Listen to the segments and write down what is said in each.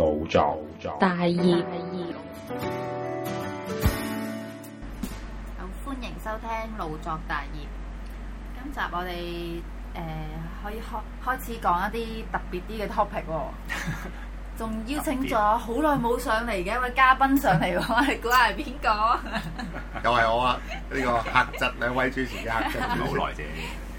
腦作，腦作大業。歡迎收聽腦作大業。今集我哋誒、呃、可以開開始講一啲特別啲嘅 topic，仲邀請咗好耐冇上嚟嘅一位嘉賓上嚟， 你估係邊個？又 係我啊！呢、這個客席啊，兩位主持嘅客席，好耐嘅，即係、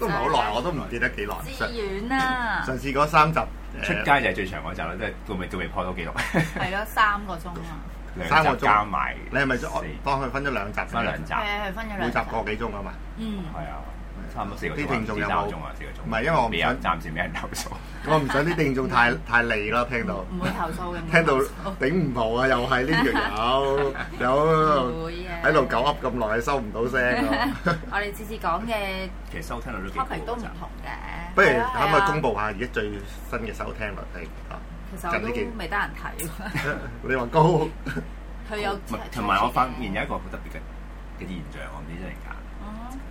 都唔係好耐，我都唔記得幾耐。志遠啊，上次嗰三集。出街就係最長嗰集啦，即係都未仲未破到記錄。係 咯，三個鐘啊嘛！三個鐘加埋，你係咪四當佢分咗兩集？分咗兩集。誒，分咗兩集，個幾鐘啊嘛？嗯。係啊嗎。嗯差唔多四個鐘，四三個鐘啊，四個鐘。唔係，因為我唔想暫時俾人投訴。我唔想啲聽眾太太膩囉，聽到。唔會投訴嘅。聽到頂唔住啊！又係呢樣嘢有有，喺度搞噏咁耐，收唔到聲。我哋次次講嘅其實收聽率都幾高。都唔同嘅。不如可唔可以公布下而家最新嘅收聽率？係啊。其實都未得人睇。你話高？佢有，同埋我發現有一個好特別嘅嘅現象，我唔知真定假。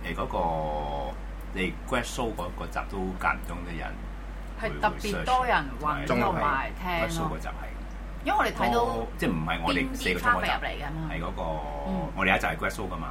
誒嗰個你 grass show 嗰集都間唔中啲人係特別多人揾埋聽 grass show 嗰集咯，因為我哋睇到即係唔係我哋四個組入嚟嘅，係嗰個我哋一集係 grass show 噶嘛，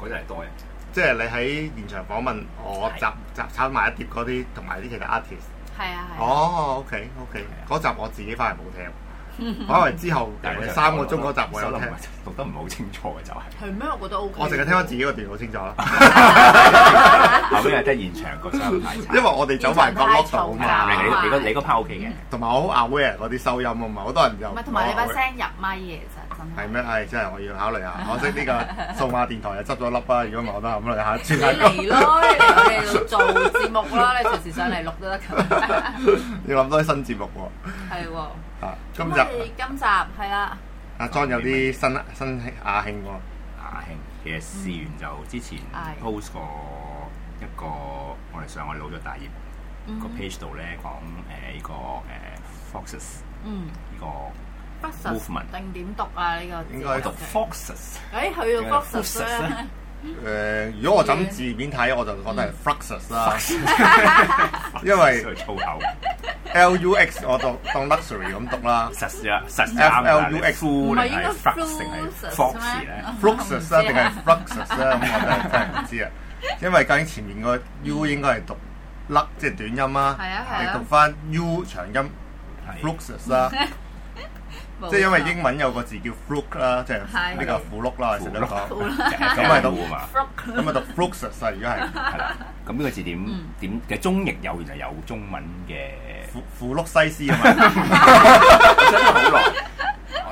嗰集係多人，即係你喺現場訪問，我集集炒埋一碟嗰啲同埋啲其他 artist，係啊係，哦 OK OK 嗰集我自己翻嚟冇聽。可能之後三個鐘嗰集我有聽，讀得唔係好清楚嘅就係。係咩？我覺得 OK。我淨係聽翻自己個段，好清楚啦。後尾又真係現場個問題，因為我哋走埋咁多度啊嘛。你你嗰你 part OK 嘅，同埋我好 aware 嗰啲收音啊嘛，好多人唔咪同埋你把聲入咪嘢。係咩？係真係，我要考慮下。可惜呢個數碼電台又執咗粒啊！如果唔係，我都考慮下轉下工。你嚟咯，你嚟做節目啦！你隨時上嚟錄都得㗎。你諗多啲新節目喎。係喎。啊，今集。今集係啦。阿莊有啲新新阿興喎，阿興其實試完就之前 post 過一個我哋上海老咗大業個 page 度咧，講誒呢個誒 Fluxus，嗯，呢個。flux，定點讀啊？呢個字應該讀 Fluxus。誒，佢個 flux 咧，誒，如果我揾字面睇，我就覺得係 Fluxus 啦。因為粗口。lux 我就當 luxury 咁讀啦。lux 定係 flux 定係 flux 咧？Fluxus 啊定係 Fluxus 啊？咁我都真係真係唔知啊。因為究竟前面個 u 應該係讀 luck，即係短音啊，係讀翻 u 長音係 Fluxus 啊。即係因為英文有個字叫 Fluke 啦，即係呢個庫碌啦，食得多咁咪讀咁咪讀 Fluke 實細，而家係係啦，咁呢個字點點嘅中譯有原來有中文嘅庫庫碌西施啊嘛，真係好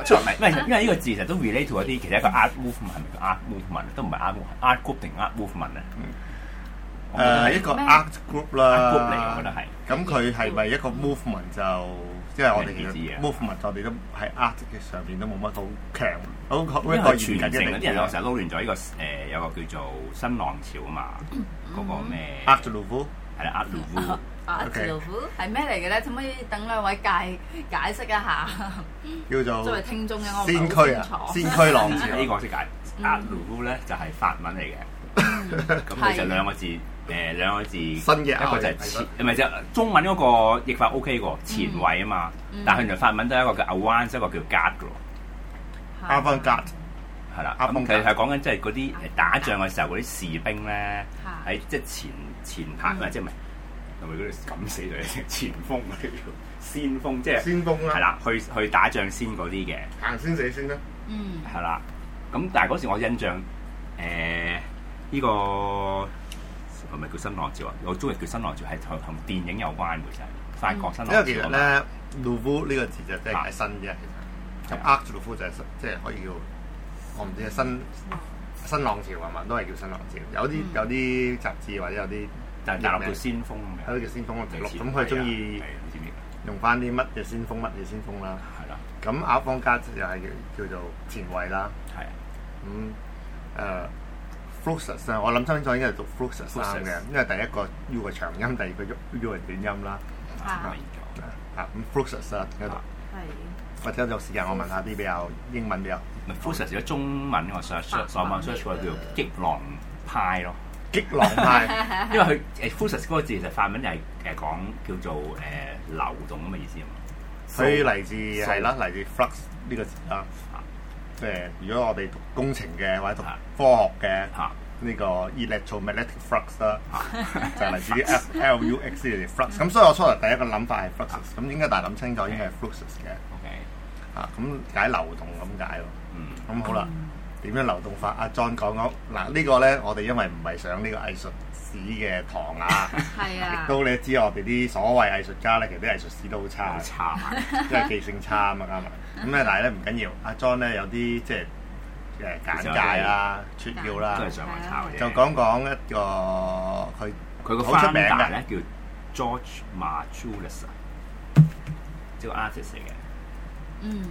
耐出嚟，因為因為呢個字其實都 relate 到一啲，其實一個 art movement 係咪 art movement 都唔係 art art group 定 art movement 啊？誒係一個 art group 啦，group 嚟嘅，我覺得係。咁佢係咪一個 movement 就，即係我哋嘅 movement，我哋都喺 art 嘅上邊都冇乜好強。好，我哋全程嗰啲人，我成日撈亂咗呢個誒，有個叫做新浪潮啊嘛，嗰個咩？Art Nouveau，係啊，Art Nouveau，Art Nouveau 係咩嚟嘅咧？可唔可以等兩位介解釋一下？叫做作為聽眾嘅我唔搞清楚，先驅浪潮，呢個識解。Art Nouveau 咧就係法文嚟嘅，咁其實兩個字。誒兩個字，新嘅一個就係前，唔係就中文嗰個譯法 O K 個前衛啊嘛。但係原來法文都有一個叫 avant 一個叫 guard 嘅阿方 guard，係啦。其實係講緊即係嗰啲打仗嘅時候嗰啲士兵咧，喺即係前前排啊，即係唔係咪埋嗰度砍死咗，前鋒咪叫做前鋒啊，先鋒即係先鋒啦。係啦，去去打仗先嗰啲嘅行先死先啦。嗯，係啦。咁但係嗰時我印象誒呢個。係咪叫新浪潮啊？我中意叫新浪潮，係同同電影有關嘅啫。法國新浪潮。因為其實咧，盧夫呢個字就真係新啫。其實。咁厄盧夫就係新，即係可以叫我唔知係新新浪潮係咪？都係叫新浪潮。有啲有啲雜誌或者有啲就係叫先鋒，有啲叫先鋒嘅。咁佢中意用翻啲乜嘢先鋒，乜嘢先鋒啦？係啦。咁阿方家就係叫做前衛啦。係啊。咁誒。Fluxus 啊，我諗清楚應該係讀 Fluxus 嘅，因為第一個 U 要個長音，第二個 U 要個短音啦。啊，咁 Fluxus 啊，或者有時間我問下啲比較英文比較 Fluxus 如果中文我上上網 search 嘅叫做激浪派咯，激浪派，因為佢誒 Fluxus 嗰個字其實法文係誒講叫做誒流動咁嘅意思啊嘛，佢嚟自係啦，嚟自 flux 呢個字啦。即係如果我哋讀工程嘅或者讀科學嘅呢的個 electromagnetic flux 啦、啊，就嚟自啲 F L U X 咁、e, 所以我初頭第一個諗法係 f l u x s 咁、啊、應該大係諗清楚應該係 f l u x 嘅。OK，啊咁解流動咁解咯。嗯，咁好啦，點、嗯、樣流動法？阿、啊、John 講講嗱、啊這個、呢個咧，我哋因為唔係上呢個藝術。紙嘅糖啊！係啊！亦都你知我哋啲所謂藝術家咧，其實啲藝術史都好差，即係 記性差啊嘛，啱唔啱咁咧？ 但係咧唔緊要，阿 John 咧有啲即係誒簡介、啊簡介啊、啦、出耀啦，都係上網查嘅就講講一個佢佢個好出名嘅咧，叫 George Maciunas，即 artist 嚟嘅。嗯。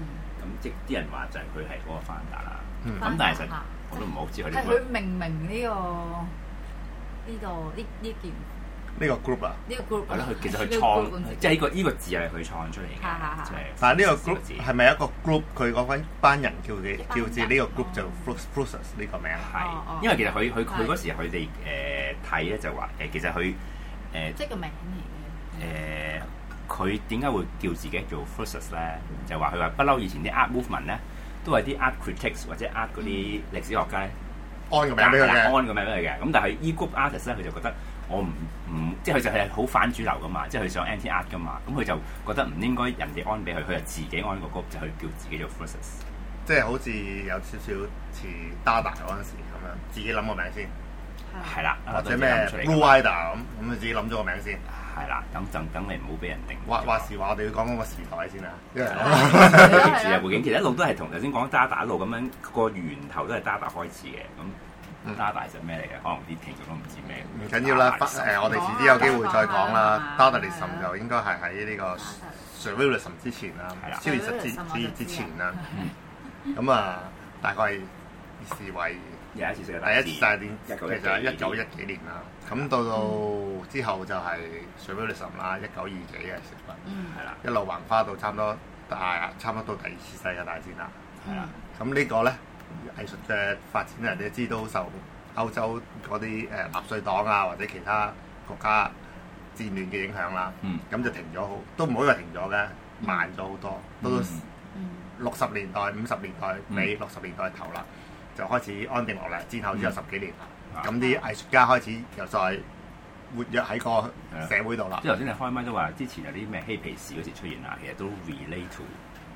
咁即啲人話就係佢係嗰個翻達啦。嗯。咁但係其實我都唔好知佢。係佢命名呢，這個。呢個呢呢件呢個 group 啊，呢個 group 係咯，佢其實佢創，即係呢個呢個字係佢創出嚟嘅，但係呢個 group 係咪一個 group？佢嗰班人叫嘅，叫住呢個 group 就 Fluxus 呢個名啊。係，因為其實佢佢佢嗰時佢哋誒睇咧就話誒，其實佢誒即個名嚟嘅。誒，佢點解會叫自己做 Fluxus 咧？就話佢話不嬲，以前啲 art movement 咧都係啲 art critics 或者 art 呃嗰啲歷史學家。安個名俾佢嘅，安個了名俾佢嘅。咁但係 E Group a r t i s t 咧，佢就覺得我唔唔、嗯，即係佢就係好反主流噶嘛，即係佢想 anti 壓噶嘛。咁佢、嗯嗯、就覺得唔應該人哋安俾佢，佢就自己安個 group，就去叫自己做 f r s e s 即係好似有少少似 Dada 嗰時咁樣，自己諗個名先。係啦，或者咩 Louider 咁，咁你自己諗咗個名先。係啦，等等你唔好俾人定。或或是話我哋要講嗰個時代先啊，歷史背景，其實一路都係同頭先講渣打路咁樣個源頭都係渣打 d 開始嘅。咁渣打 d a 咩嚟嘅？可能啲其眾都唔知咩。唔緊要啦，誒，我哋遲啲有機會再講啦。DaDa 呢神就應該係喺呢個 Sir Wilson 之前啦，超二十之之之前啦。咁啊，大概係是為。第一次世界大戰，第一次其實一九一幾年啦，咁到、嗯、到之後就係水杯女啦，嗯、一九二幾嘅食物。係啦，一路橫花到差唔多，第，差唔多到第二次世界大戰啦，係啊、嗯，咁呢個咧藝術嘅發展，人哋都知道，受歐洲嗰啲誒納粹黨啊或者其他國家戰亂嘅影響啦，咁、嗯、就停咗好，都唔好話停咗嘅，慢咗好多，到到、嗯、六十年代、嗯、五十年代尾、六十年代頭啦。就開始安定落嚟，之後之後十幾年，咁啲藝術家開始又再活躍喺個社會度啦。即係頭先你開麥都話，之前有啲咩嬉皮士嗰時出現啦，其實都 relate to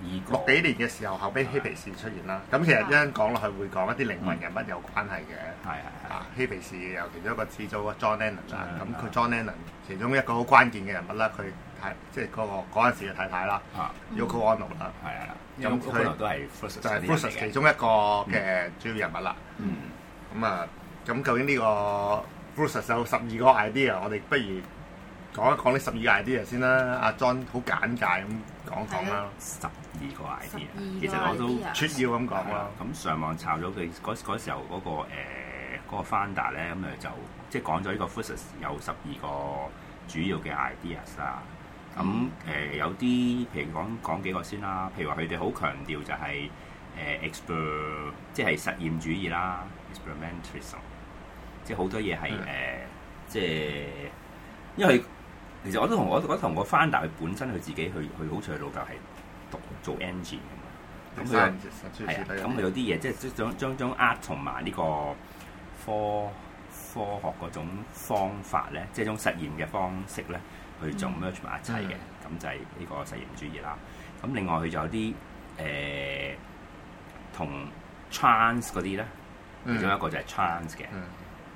而六幾年嘅時候，後尾嬉皮士出現啦。咁其實一陣講落去，會講一啲靈魂人物有關係嘅。係係係。啊，嬉皮士有其中一個始祖 John Lennon 啦，咁佢 John Lennon 其中一個好關鍵嘅人物啦，佢係即係嗰個嗰陣時嘅太太啦，Yoko Ono 啦，係啊。咁佢都係，嗯嗯、就係 Fluxus 其中一個嘅主要人物啦、嗯嗯。嗯。咁啊，咁究竟呢個 Fluxus 有十二個 idea，我哋不如講一講呢十二個 idea 先啦。阿、啊、John 好簡介咁講講啦。十二個 idea，其實我都撮要咁講啦。咁上網查咗佢嗰時候嗰、那個誒、呃那個就是、founder 咧，咁啊就即係講咗呢個 Fluxus 有十二個主要嘅 ideas 啦。咁誒有啲，譬、呃、如講講幾個先啦。譬如話佢哋好強調就係誒 exper 即係實驗主義啦，experimentalism。即係好多嘢係誒，即、呃、係、就是、因為其實我都同我我同我 founder 佢本身佢自己去去好早老豆就係讀做 engine，咁佢係咁有啲嘢即係將將將 art 同埋呢個科科學嗰種方法咧，即、就、係、是、種實驗嘅方式咧。 佢就 merge 埋一齊嘅，咁就係呢個實驗主義啦。咁另外佢就有啲誒同 trans 嗰啲咧，其中一個就係 trans 嘅。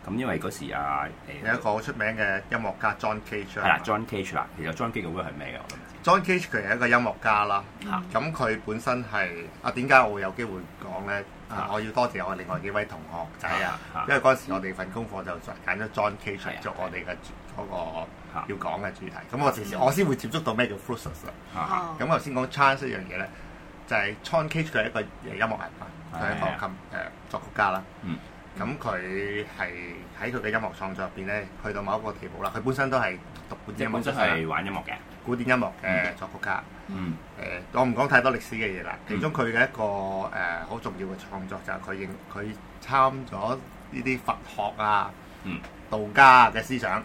咁因為嗰時啊誒有一個好出名嘅音樂家 John Cage 係啦，John Cage 啦，其實 John Cage 會係咩嘅？我諗 John Cage 佢係一個音樂家啦。咁佢本身係啊，點解我會有機會講咧？啊，我要多謝我另外幾位同學仔啊，因為嗰時我哋份功課就揀咗 John Cage 做我哋嘅嗰個。要講嘅主題，咁、啊、我先我先會接觸到咩叫 Fluxus 啦、啊。咁頭先講 chance 一樣嘢咧，就係、是、John Cage 嘅一個音樂人，係鋼琴誒作曲家啦。咁佢係喺佢嘅音樂創作入邊咧，去到某一個地步啦。佢本身都係讀古典音樂，係玩音樂嘅古典音樂嘅作曲家。誒、嗯呃，我唔講太多歷史嘅嘢啦。其中佢嘅一個誒好、呃、重要嘅創作就係佢佢參咗呢啲佛學啊。嗯，道家嘅思想，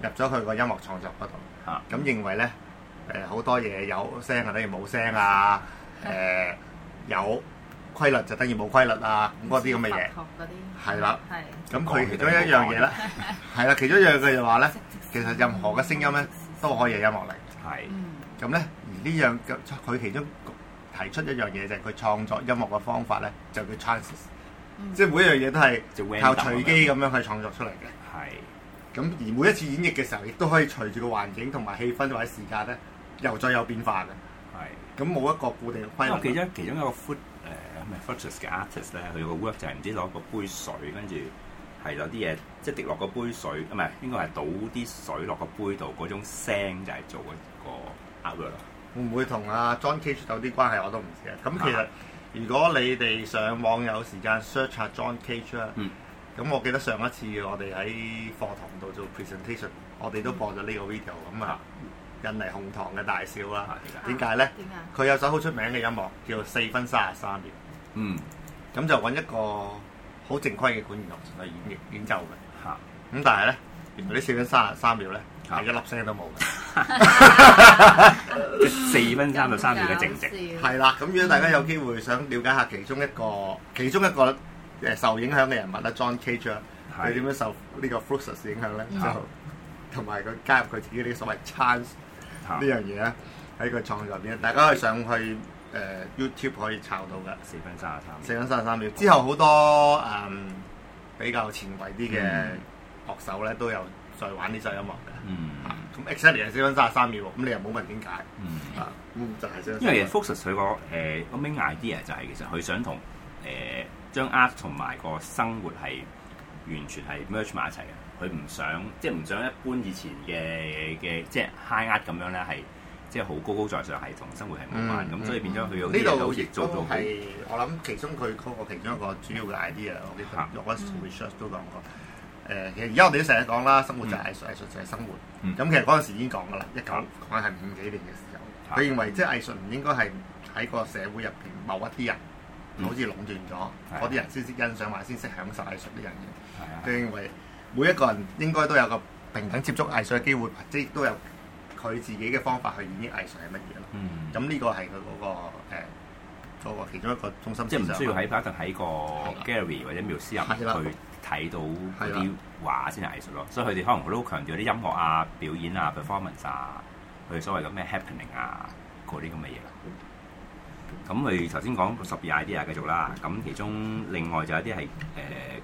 入咗佢個音樂創作嗰度，咁認為咧，誒好多嘢有聲啊，等於冇聲啊，誒有規律就等於冇規律啊，咁嗰啲咁嘅嘢，係啦，咁佢其中一樣嘢咧，係啦，其中一樣佢就話咧，其實任何嘅聲音咧都可以有音樂嚟，係，咁咧呢樣佢其中提出一樣嘢就係佢創作音樂嘅方法咧就叫 chances。嗯、即係每一樣嘢都係靠隨機咁樣去創作出嚟嘅。係的。咁而每一次演繹嘅時候，亦都可以隨住個環境同埋氣氛或者時間咧，又再有變化嘅。係的。咁冇一個固定嘅規模。因為其中其中一個 f o o t 誒咩 Fluxus 嘅 artist 咧，佢個 work 就係、是、唔知攞個杯水，跟住係攞啲嘢，即係滴落嗰杯水，唔係應該係倒啲水落個杯度，嗰種聲就係做一個 o u t i，會唔會同阿、啊、John Cage 有啲關係？我都唔知啊。咁其實。啊如果你哋上網有時間 search 下 John Cage 啦、嗯，咁我記得上一次我哋喺課堂度做 presentation，我哋都播咗呢個 video 咁、嗯嗯、啊，引嚟紅堂嘅大笑啦。點解咧？點、嗯、啊？佢有首好出名嘅音樂叫做《四分三十三秒》。嗯，咁就揾一個好正規嘅管弦樂團去演繹演奏嘅。嚇，咁但係咧？嗰四分三十三秒咧，係一粒聲都冇嘅。四分三十三秒嘅正值。係啦，咁如果大家有機會想了解下其中一個，其中一個誒受影響嘅人物咧，John Cage，佢點樣受呢個 Fluxus 影響咧，就同埋佢加入佢自己啲所謂 chance 呢樣嘢咧，喺個創作入邊，大家可以上去誒 YouTube 可以查到噶。四分三十三。四分三十三秒之後，好多誒比較前衞啲嘅。學手咧都有再玩呢首音樂嘅、嗯啊，嗯，同 X1 係四分三十三秒喎，咁你又冇問點解？嗯，嗯啊，就係四分三十三秒。因為、er 呃、其實 Fluxus 佢個誒個 main idea 就係其實佢想同誒、呃、將 art 同埋個生活係完全係 merge 埋一齊嘅，佢唔想即係唔想一般以前嘅嘅、嗯、即係 high art 咁樣咧係即係好高高在上係，係同生活係冇關，咁、嗯嗯、所以變咗佢有呢度亦做到係。我諗其中佢嗰個其中一個主要嘅 idea，我記得 r o 都講過。嗯嗯嗯嗯嗯誒，其實而家我哋都成日講啦，生活就係藝術，藝術就係生活。咁其實嗰陣時已經講㗎啦，一九講係五幾年嘅時候，佢認為即係藝術唔應該係喺個社會入邊某一啲人，好似壟斷咗嗰啲人先識欣賞或先識享受藝術啲人嘅。佢認為每一個人應該都有個平等接觸藝術嘅機會，即都有佢自己嘅方法去演繹藝術係乜嘢。咁呢個係佢嗰個誒嗰個其中一個中心思想。即係唔需要喺一喺個 gallery 或者 museum 入去。睇到啲畫先係藝術咯，的所以佢哋可能佢都強調啲音樂啊、表演啊、performance 啊，佢哋、啊、所謂嘅咩 happening 啊嗰啲咁嘅嘢。咁佢頭先講十二 idea 繼續啦，咁其中另外就有一啲係誒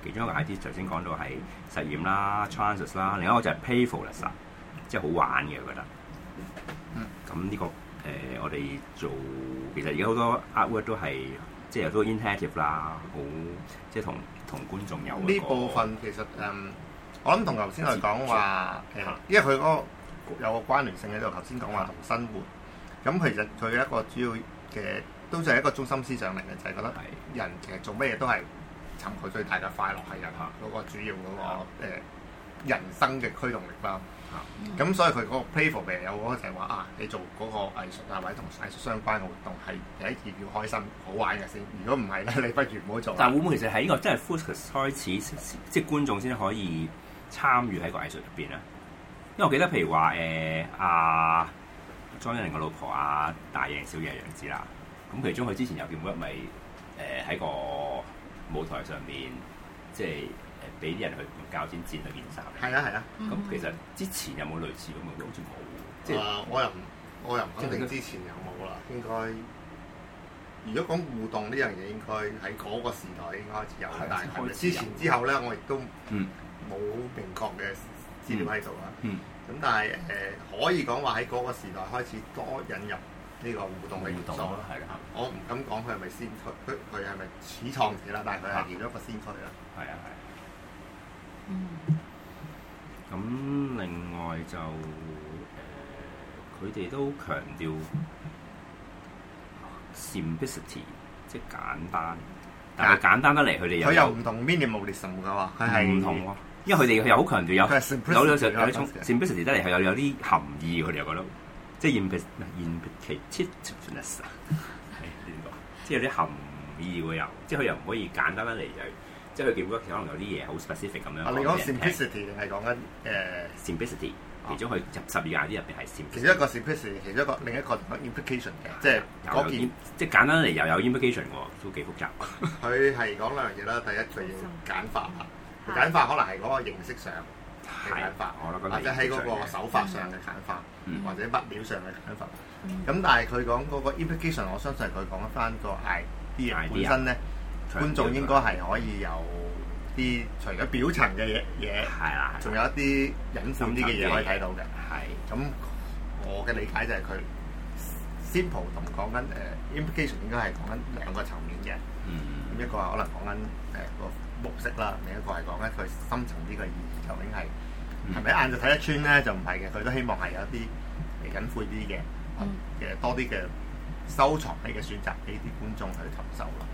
其中一個 idea，頭先講到係實驗啦、chances 啦，另一個就係 playfulness，即係好玩嘅，我覺得。咁呢、嗯呢個誒、呃，我哋做其實而家好多 artwork 都係。即係都 initiative 啦，好即係同同觀眾有呢部分其實誒，我諗同頭先嚟講話，因為佢嗰個有個關聯性喺度，頭先講話同生活，咁其實佢一個主要嘅都就係一個中心思想嚟嘅，就係、係、覺得人其實做咩嘢都係尋佢最大嘅快樂係人嚇嗰個主要嗰個、呃人生嘅驅動力啦，嚇，咁、嗯、所以佢嗰個 play for 名有個就係話啊，你做嗰個藝術啊，或者同藝術相關嘅活動係第一次要開心、好玩嘅先，如果唔係咧，你不如唔好做。但會唔會其實喺呢、這個真係 Fluxus 開始，即係觀眾先可以參與喺個藝術入邊咧？因為我記得譬如話誒阿莊一玲嘅老婆阿、啊、大贏小贏楊子啦，咁其中佢之前有見過咪誒喺個舞台上面，即係誒俾啲人去。搞錢戰嘅現象。係啊係啊。咁、啊嗯、其實之前有冇類似咁嘅好似冇。啊、呃，我又我又唔肯定之前有冇啦，應該。如果講互動呢樣嘢，應該喺嗰個時代應該開始有，啊、但係是之前之後咧，我亦都冇明確嘅資料喺度啦。咁、嗯、但係誒、呃，可以講話喺嗰個時代開始多引入呢個互動嘅元素。我唔敢講佢係咪先驅，佢佢係咪始創者啦？但係佢係連咗一個先驅啦。係啊係。咁另外就佢哋都強調、啊、simplicity，即係簡單，但係簡單得嚟，佢哋又佢又唔同 minimalism，佢係唔同、啊、因為佢哋又好強調是有有有有啲、啊、simplicity 得嚟係有有啲含義，佢哋又覺得即係 simplicity 即係有啲含義喎又，即係佢 又唔可以簡單得嚟嘅。即係佢幾 w 可能有啲嘢好 specific 咁樣。啊，你講 simplicity 定係講緊誒 simplicity，其中佢入十二 idea 入邊係 simplicity。其中一個 simplicity，其中一個另一個 implication 嘅，即係嗰件即係簡單嚟又有 implication，都幾複雜。佢係講兩樣嘢啦，第一就要簡化，簡化可能係嗰個形式上嘅簡化，或者喺嗰個手法上嘅簡化，或者物料上嘅簡化。咁但係佢講嗰個 implication，我相信佢講翻個 idea，本身咧。觀眾應該係可以有啲除咗表層嘅嘢，係啦，仲有一啲隱晦啲嘅嘢可以睇到嘅。係咁的，我嘅理解就係佢 simple 同講緊誒 implication 應該係講緊兩個層面嘅。嗯咁、mm hmm. 一個係可能講緊誒個模式啦，另一個係講咧佢深層啲嘅意義究竟係係咪一眼、mm hmm. 就睇得穿咧？就唔係嘅。佢都希望係有一啲嚟緊晦啲嘅嘅多啲嘅收藏你嘅選擇俾啲觀眾去尋求咯。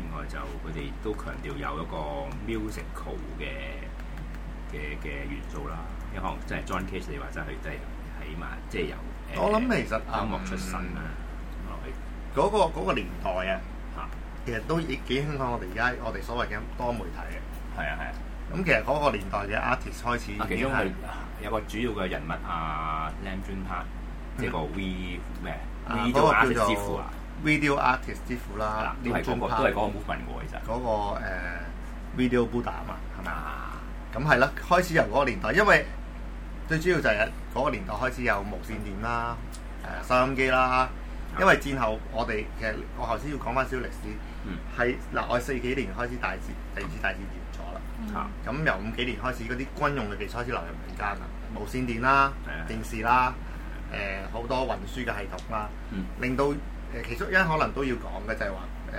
另外就佢哋都強調有一個 musical 嘅嘅嘅元素啦，因可能即係 John Cage 你話齋係真係起碼即係有。呃、我諗其實音樂出身啊，嗰個嗰、嗰個年代啊，吓、啊，其實都幾興開我哋而家我哋所謂嘅多媒體嘅。係啊係啊，咁、啊嗯、其實嗰個年代嘅 artist 開始、啊、其中係有個主要嘅人物啊 Lambert 即係個 V 咩 V 就 artist 之父啊。video artist 之父啦，呢個最怕都係嗰、那個，那個、都係嗰個部其實嗰個、uh, video Buddha 啊嘛，係咪啊？咁係啦，開始由嗰個年代，因為最主要就係嗰個年代開始有無線電啦、誒、呃、收音機啦。的因為戰後我哋其實我頭先要講翻少少歷史，喺嗱我四幾年開始大戰第二次大戰完咗啦，嚇咁、嗯、由五幾年開始嗰啲軍用嘅技術開始流入民間啦，無線電啦、電視的啦、誒、呃、好多運輸嘅系統啦，嗯、令到。誒，其中一可能都要講嘅就係話，誒、呃，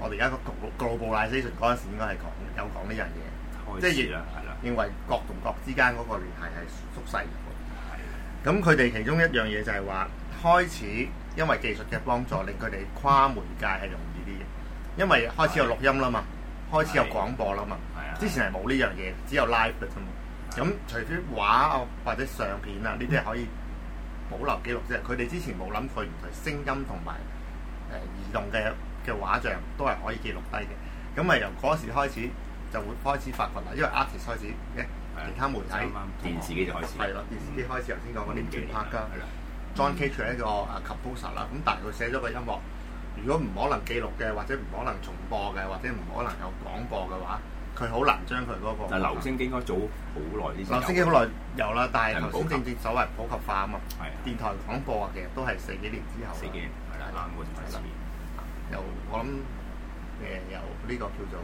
我哋而家個 globalisation 嗰陣時應該係講有講呢樣嘢，即係認為各同各之間嗰個聯繫係縮細嘅。咁佢哋其中一樣嘢就係話，開始因為技術嘅幫助，令佢哋跨媒介係容易啲嘅，因為開始有錄音啦嘛，的開始有廣播啦嘛，的之前係冇呢樣嘢，只有 live 嘅啫嘛。咁的除咗畫或者相片啊，呢啲係可以。保留記錄，即係，佢哋之前冇諗佢原來聲音同埋誒移動嘅嘅畫像都係可以記錄低嘅。咁咪由嗰時開始就會開始發掘啦。因為 artist 開始嘅其他媒體的剛剛電視機就開始係咯，的電視機開始頭先講嗰啲錄拍㗎。John Cage 做、uh, 一個啊 composer 啦，咁但係佢寫咗個音樂，如果唔可能記錄嘅，或者唔可能重播嘅，或者唔可能有廣播嘅話。佢好難將佢嗰個。留聲機應該早好耐啲。留聲機好耐有啦，但係頭先正正所謂普及化啊嘛。係啊。電台廣播啊，其實都係四幾年之後。四幾年。係啦，十年。由我諗誒，由呢個叫做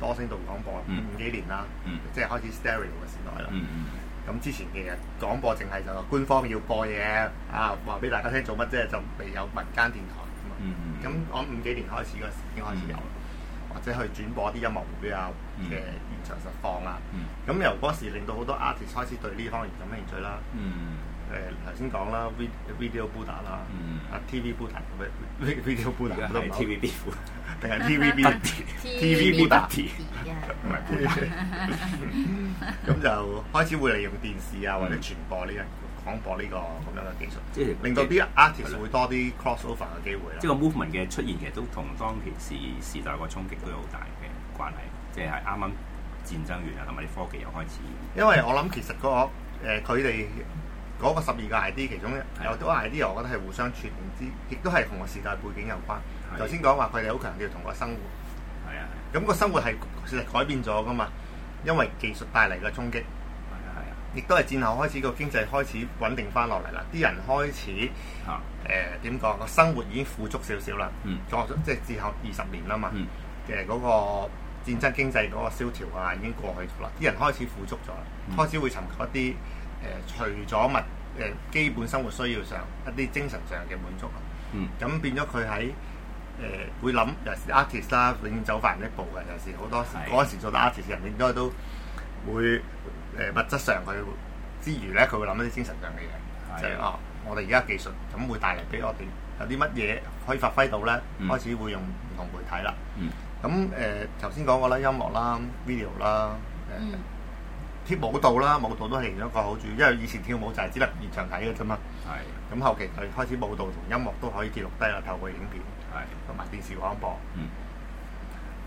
多聲道廣播五幾年啦。即係開始 stereo 嘅時代啦。咁之前嘅嘢廣播淨係就官方要播嘢啊，話俾大家聽做乜啫，就未有民間電台。嗯嗯。咁我諗五幾年開始個時間已經開始有。或者去轉播啲音樂會啊嘅現場實況啊，咁由嗰時令到好多 artist 開始對呢方面感興趣啦。誒，頭先講啦，video Buddha 啦，TV Buddha，video Buddha 係咪 TV Buddha 定係 TV B TV Buddha 唔係。咁就開始會利用電視啊，或者傳播呢樣。廣播呢個咁樣嘅技術，即係是令到啲 artist 的會多啲 cross over 嘅機會啦。即係個 movement 嘅出現，其實都同當其時時代個衝擊都有好大嘅關係。即係係啱啱戰爭完啊，同埋啲科技又開始。因為我諗其實嗰、那個呃佢哋嗰個十二個 idea 其中個的有多 idea，我覺得係互相傳之，亦都係同個時代背景有關。頭先講話佢哋好強調同的個生活，係啊，咁個生活係其實改變咗噶嘛，因為技術帶嚟嘅衝擊。亦都係戰後開始個經濟開始穩定翻落嚟啦，啲人開始誒點講，個生活已經富足少少啦。嗯，咗即係戰後二十年啦嘛。嘅嗰、嗯、個戰爭經濟嗰個蕭條啊，已經過去咗啦。啲人開始富足咗，嗯、開始會尋求一啲誒、呃、除咗物誒基本生活需要上一啲精神上嘅滿足。嗯，咁變咗佢喺誒會諗，尤其是 artist 啦，永遠走快人一步嘅。尤其是好多時嗰對 時做 artist 人應該都會。誒物質上佢之餘咧，佢會諗一啲精神上嘅嘢，就係哦，我哋而家技術咁會帶嚟俾我哋有啲乜嘢可以發揮到咧，開始會用唔同媒體啦。咁誒頭先講過啦，音樂啦、video 啦、誒舞蹈啦，舞蹈都係另一個好處，因為以前跳舞就係只能現場睇嘅啫嘛。係咁後期佢開始舞蹈同音樂都可以記錄低啦，透過影片係同埋電視廣播。嗯。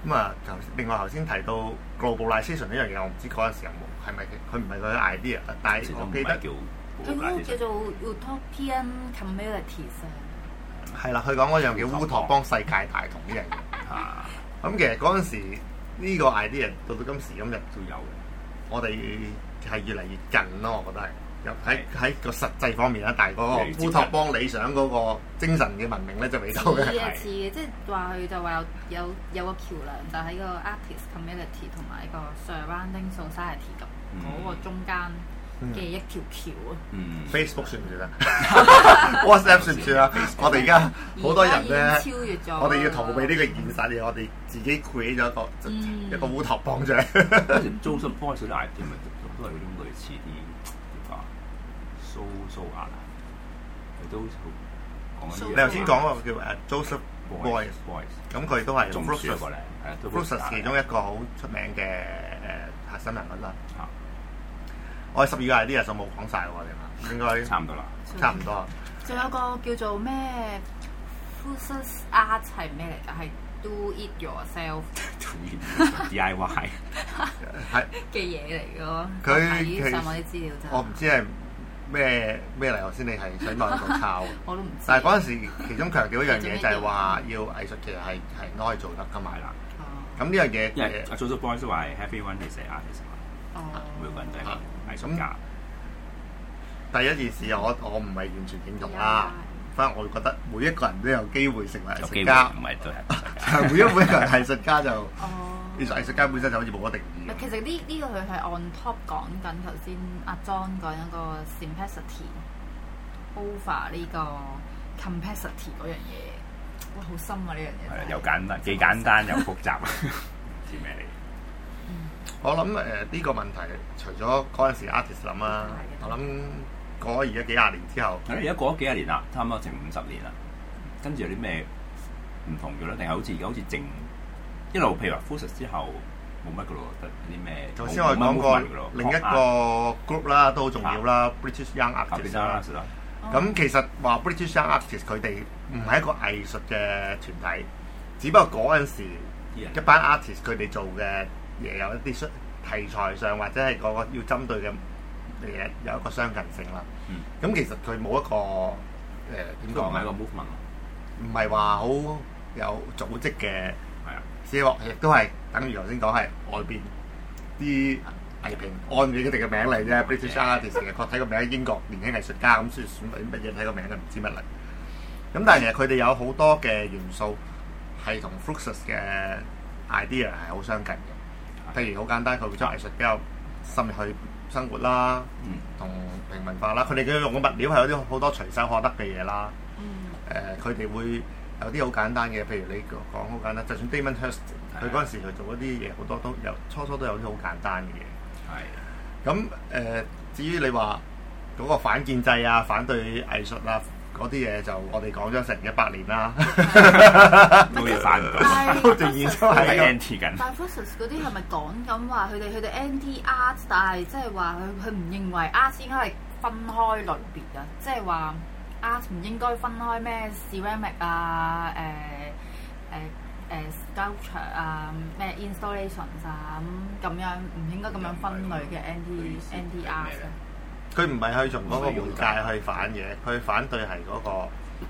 咁啊，頭另外頭先提到 globalisation 呢樣嘢，我唔知嗰陣時有冇。係咪佢唔係個 idea？但係我記得佢嗰個叫做 utopian community 啊。係啦，佢講嗰樣叫烏托邦世界大同啲嘢。咁其實嗰陣時呢個 idea 到到今時今日都有嘅。我哋係越嚟越近咯，我覺得係。又喺喺個實際方面啦，但係嗰個烏托邦理想嗰個精神嘅文明咧就未到嘅。似嘅，似嘅，即係話佢就話有有有個橋梁就喺個 artist community 同埋一個 surrounding society 咁。嗰個中間嘅一條橋啊！Facebook 算唔算啊？WhatsApp 算唔算啊？我哋而家好多人咧，我哋要逃避呢個現實嘅，我哋自己 create 咗一個一個烏托邦出嚟。Joseph Boy 都係嗰種類似啲嘅，s o 顏。你頭先講個叫誒 Joseph Boy，咁佢都係 Joseph 其中一個好出名嘅誒核心人物啦。我十二日啲嘢就冇講晒喎，我哋應該差唔多啦，差唔多。仲有個叫做咩？Fluxus Art 係咩嚟㗎？係 Do it yourself，DIY 係嘅嘢嚟咯。佢啲資料佢我唔知係咩咩嚟。頭先你係想問我抄，我都唔知。但係嗰陣時，其中強調一樣嘢就係話，要藝術其實係係都可以做得，唔係啦。咁呢樣嘢，阿組組 boys 都話係 Happy one day is art，其實每個人都係。咁、嗯、第一件事我我唔係完全認同啦，的反正我會覺得每一個人都有機會成為藝術家，唔係，每一 每一個藝術家就，哦， 其實藝術家本身就好似冇乜定義。其實呢呢個佢係 on top 講緊頭先阿 John 講一個 simplicity over 呢個 complexity 嗰樣嘢，哇好深啊呢樣嘢！又簡單，既簡單又複雜， 唔知咩嚟我諗誒呢個問題，除咗嗰陣時 artist 諗啦，的我諗過咗而家幾廿年之後，誒而家過咗幾廿年啦，差唔多成五十年啦，跟住有啲咩唔同嘅咧？定係好似而家好似淨一路譬如話 Fluxus 之後冇乜嘅咯？得啲咩？頭先我講過另一個 group 啦，都好重要啦、啊、British Young Artists 啦、啊。咁其實話 British Young Artists 佢哋唔係一個藝術嘅團體，只不過嗰陣時、嗯、一班 artist 佢哋做嘅。亦有一啲相題材上，或者係個個要針對嘅嘢有一個相近性啦。咁其實佢冇一個誒點講，唔係一個 movement，唔係話好有組織嘅。係啊，即係亦都係等於頭先講係外邊啲藝評按住佢哋嘅名嚟啫。British artist 成日確睇個名，英國年輕藝術家咁，所以選啲乜嘢睇個名就唔知乜嚟。咁但係其實佢哋有好多嘅元素係同 Fluxus 嘅 idea 係好相近嘅。譬如好簡單，佢會將藝術比較深入去生活啦，同、嗯、平民化啦。佢哋嘅用嘅物料係有啲好多隨手可得嘅嘢啦。誒、嗯，佢哋、呃、會有啲好簡單嘅，譬如你講好簡單，就算 Damien Hirst，佢嗰時去做嗰啲嘢，好多都有初初都有啲好簡單嘅。嘢的。係。咁、呃、誒，至於你話嗰、那個反建制啊，反對藝術啊。嗰啲嘢就我哋講咗成一百年啦，冇嘢反對。但係，Fluxus 嗰啲係咪講緊話佢哋佢哋 anti-art？但係即係話佢佢唔認為 art 應該係分開類別㗎？即係話 art 唔應該分開咩 ceramic 啊？誒誒誒 sculpture 啊？咩 installation 啊？咁咁樣唔應該咁樣分類嘅 anti-art？佢唔係去從嗰個媒介去反嘢，佢反對係嗰個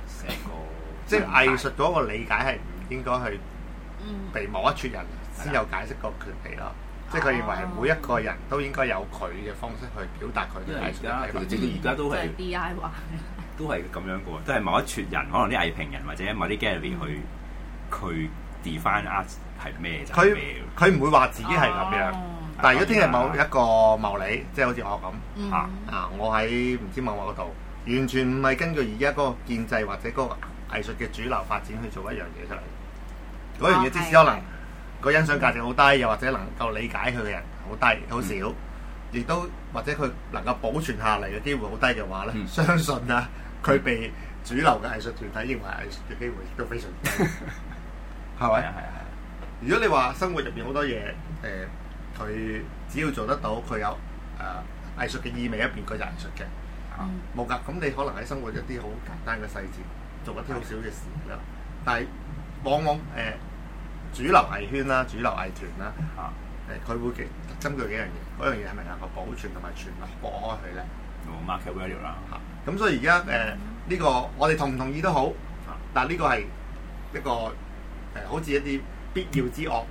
成個， 即係藝術嗰個理解係唔應該去被某一撮人先有解釋個權利咯。嗯、即係佢認為每一個人都應該有佢嘅方式去表達佢嘅藝術嘅睇法。而家在都係是 D I Y，都係咁樣嘅，都係某一撮人，可能啲藝評人或者某啲 gallery 去去 define art 係咩啫？佢，佢唔會話自己係咁樣。嗯啊但係如果聽日某一個牟利，即係好似我咁嚇啊！我喺唔知某某嗰度，完全唔係根據而家嗰個建制或者嗰個藝術嘅主流發展去做一樣嘢出嚟。嗰樣嘢即使可能個欣賞價值好低，又或者能夠理解佢嘅人好低、好少，亦都或者佢能夠保存下嚟嘅機會好低嘅話咧，相信啊，佢被主流嘅藝術團體認為藝術嘅機會都非常少，係咪啊？係如果你話生活入邊好多嘢誒？佢只要做得到，佢有誒、呃、藝術嘅意味一邊，佢就係藝術嘅，冇㗎、嗯。咁、嗯、你可能喺生活一啲好簡單嘅細節，做一啲好少嘅事啦。嗯、但係往往誒、呃、主流藝圈啦、主流藝團啦，誒佢、嗯呃、會幾根據幾樣嘢，嗰樣嘢係咪能夠保存同埋傳播開佢咧？market value 啦嚇。咁、嗯、所以而家誒呢個我哋同唔同意都好，但係呢個係一個誒、呃、好似一啲必要之惡。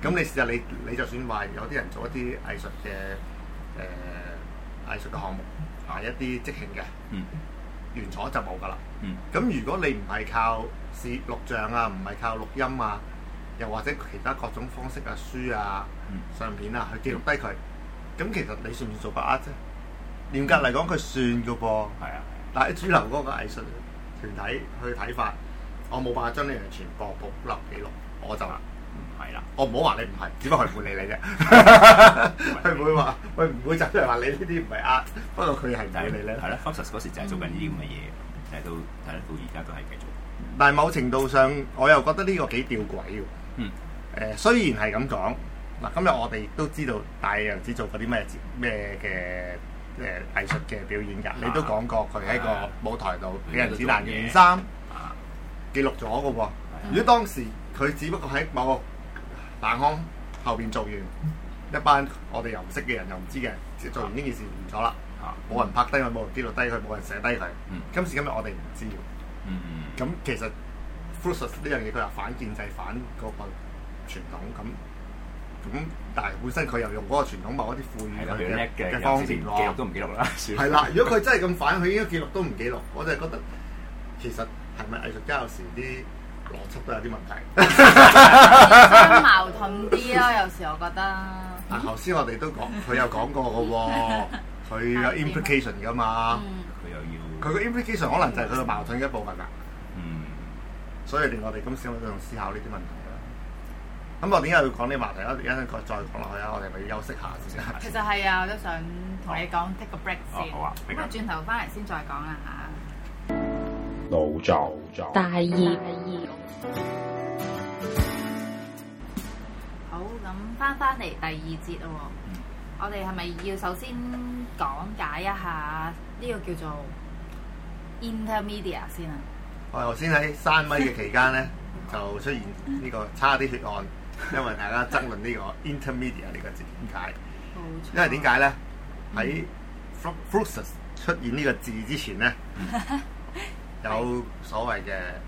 咁你試下，你你就算話有啲人做一啲藝術嘅誒、呃、藝術嘅項目，係、啊、一啲即興嘅，完咗、嗯、就冇噶啦。咁、嗯、如果你唔係靠攝錄像啊，唔係靠錄音啊，又或者其他各種方式嘅、啊、書啊、相片、嗯、啊去記錄低佢，咁、嗯、其實你算唔算做把握啫？嚴格嚟講，佢算嘅噃。係啊、嗯，但係主流嗰個藝術團體去睇法，我冇辦法將呢樣全部保留記錄，我就話。啦，我唔好話你唔係，只不過係唔理你啫，佢唔會話，佢唔會走出嚟話你呢啲唔係啊。不過佢係理你咧。係咯，Fluxus 嗰時就係做緊呢啲咁嘅嘢，睇到睇到而家都係繼續。但係某程度上，我又覺得呢個幾弔詭。嗯，誒，雖然係咁講，嗱，今日我哋亦都知道大揚子做過啲乜嘢，咩嘅誒藝術嘅表演噶，你都講過佢喺個舞台度俾人剪爛件衫，記錄咗噶喎。如果當時佢只不過喺某個。大康，後邊做完一班我哋又唔識嘅人又唔知嘅，做完呢件事唔咗啦，冇人拍低佢，冇人記錄低佢，冇人寫低佢。今時今日我哋唔知。咁、嗯嗯、其實，Fluxus 呢樣嘢佢話反建制、反嗰個傳統咁咁，但係本身佢又用嗰個傳統某一啲賦予嘅嘅方面，記錄都唔記錄啦。係啦，如果佢真係咁反，佢應該記錄都唔記錄。我就覺得其實係咪藝術家有時啲？邏輯都有啲問題，矛盾啲咯。有時我覺得，嗱，頭先我哋都講，佢有講過嘅喎，佢有 implication 嘅嘛，佢又要，佢個 implication 可能就係佢個矛盾嘅一部分㗎。嗯，所以令我哋咁時要思考呢啲問題啦。咁我點解要講呢個話題啊？一陣再講落去啊！我哋咪要休息下先。其實係啊，我都想同你講 take 個 break 先。好啊，咁啊，轉頭翻嚟先再講啦嚇。老就。做，大二大二。好咁，翻翻嚟，第二節啦，哦，我哋係咪要首先講解一下呢個叫做 intermedia 先啊？我頭先喺三米嘅期間咧， 就出現呢個差啲血案，因為大家爭論呢個 intermedia 呢個字點解？為錯因為點解咧？喺、嗯、Fluxus 出現呢個字之前咧， 有所謂嘅。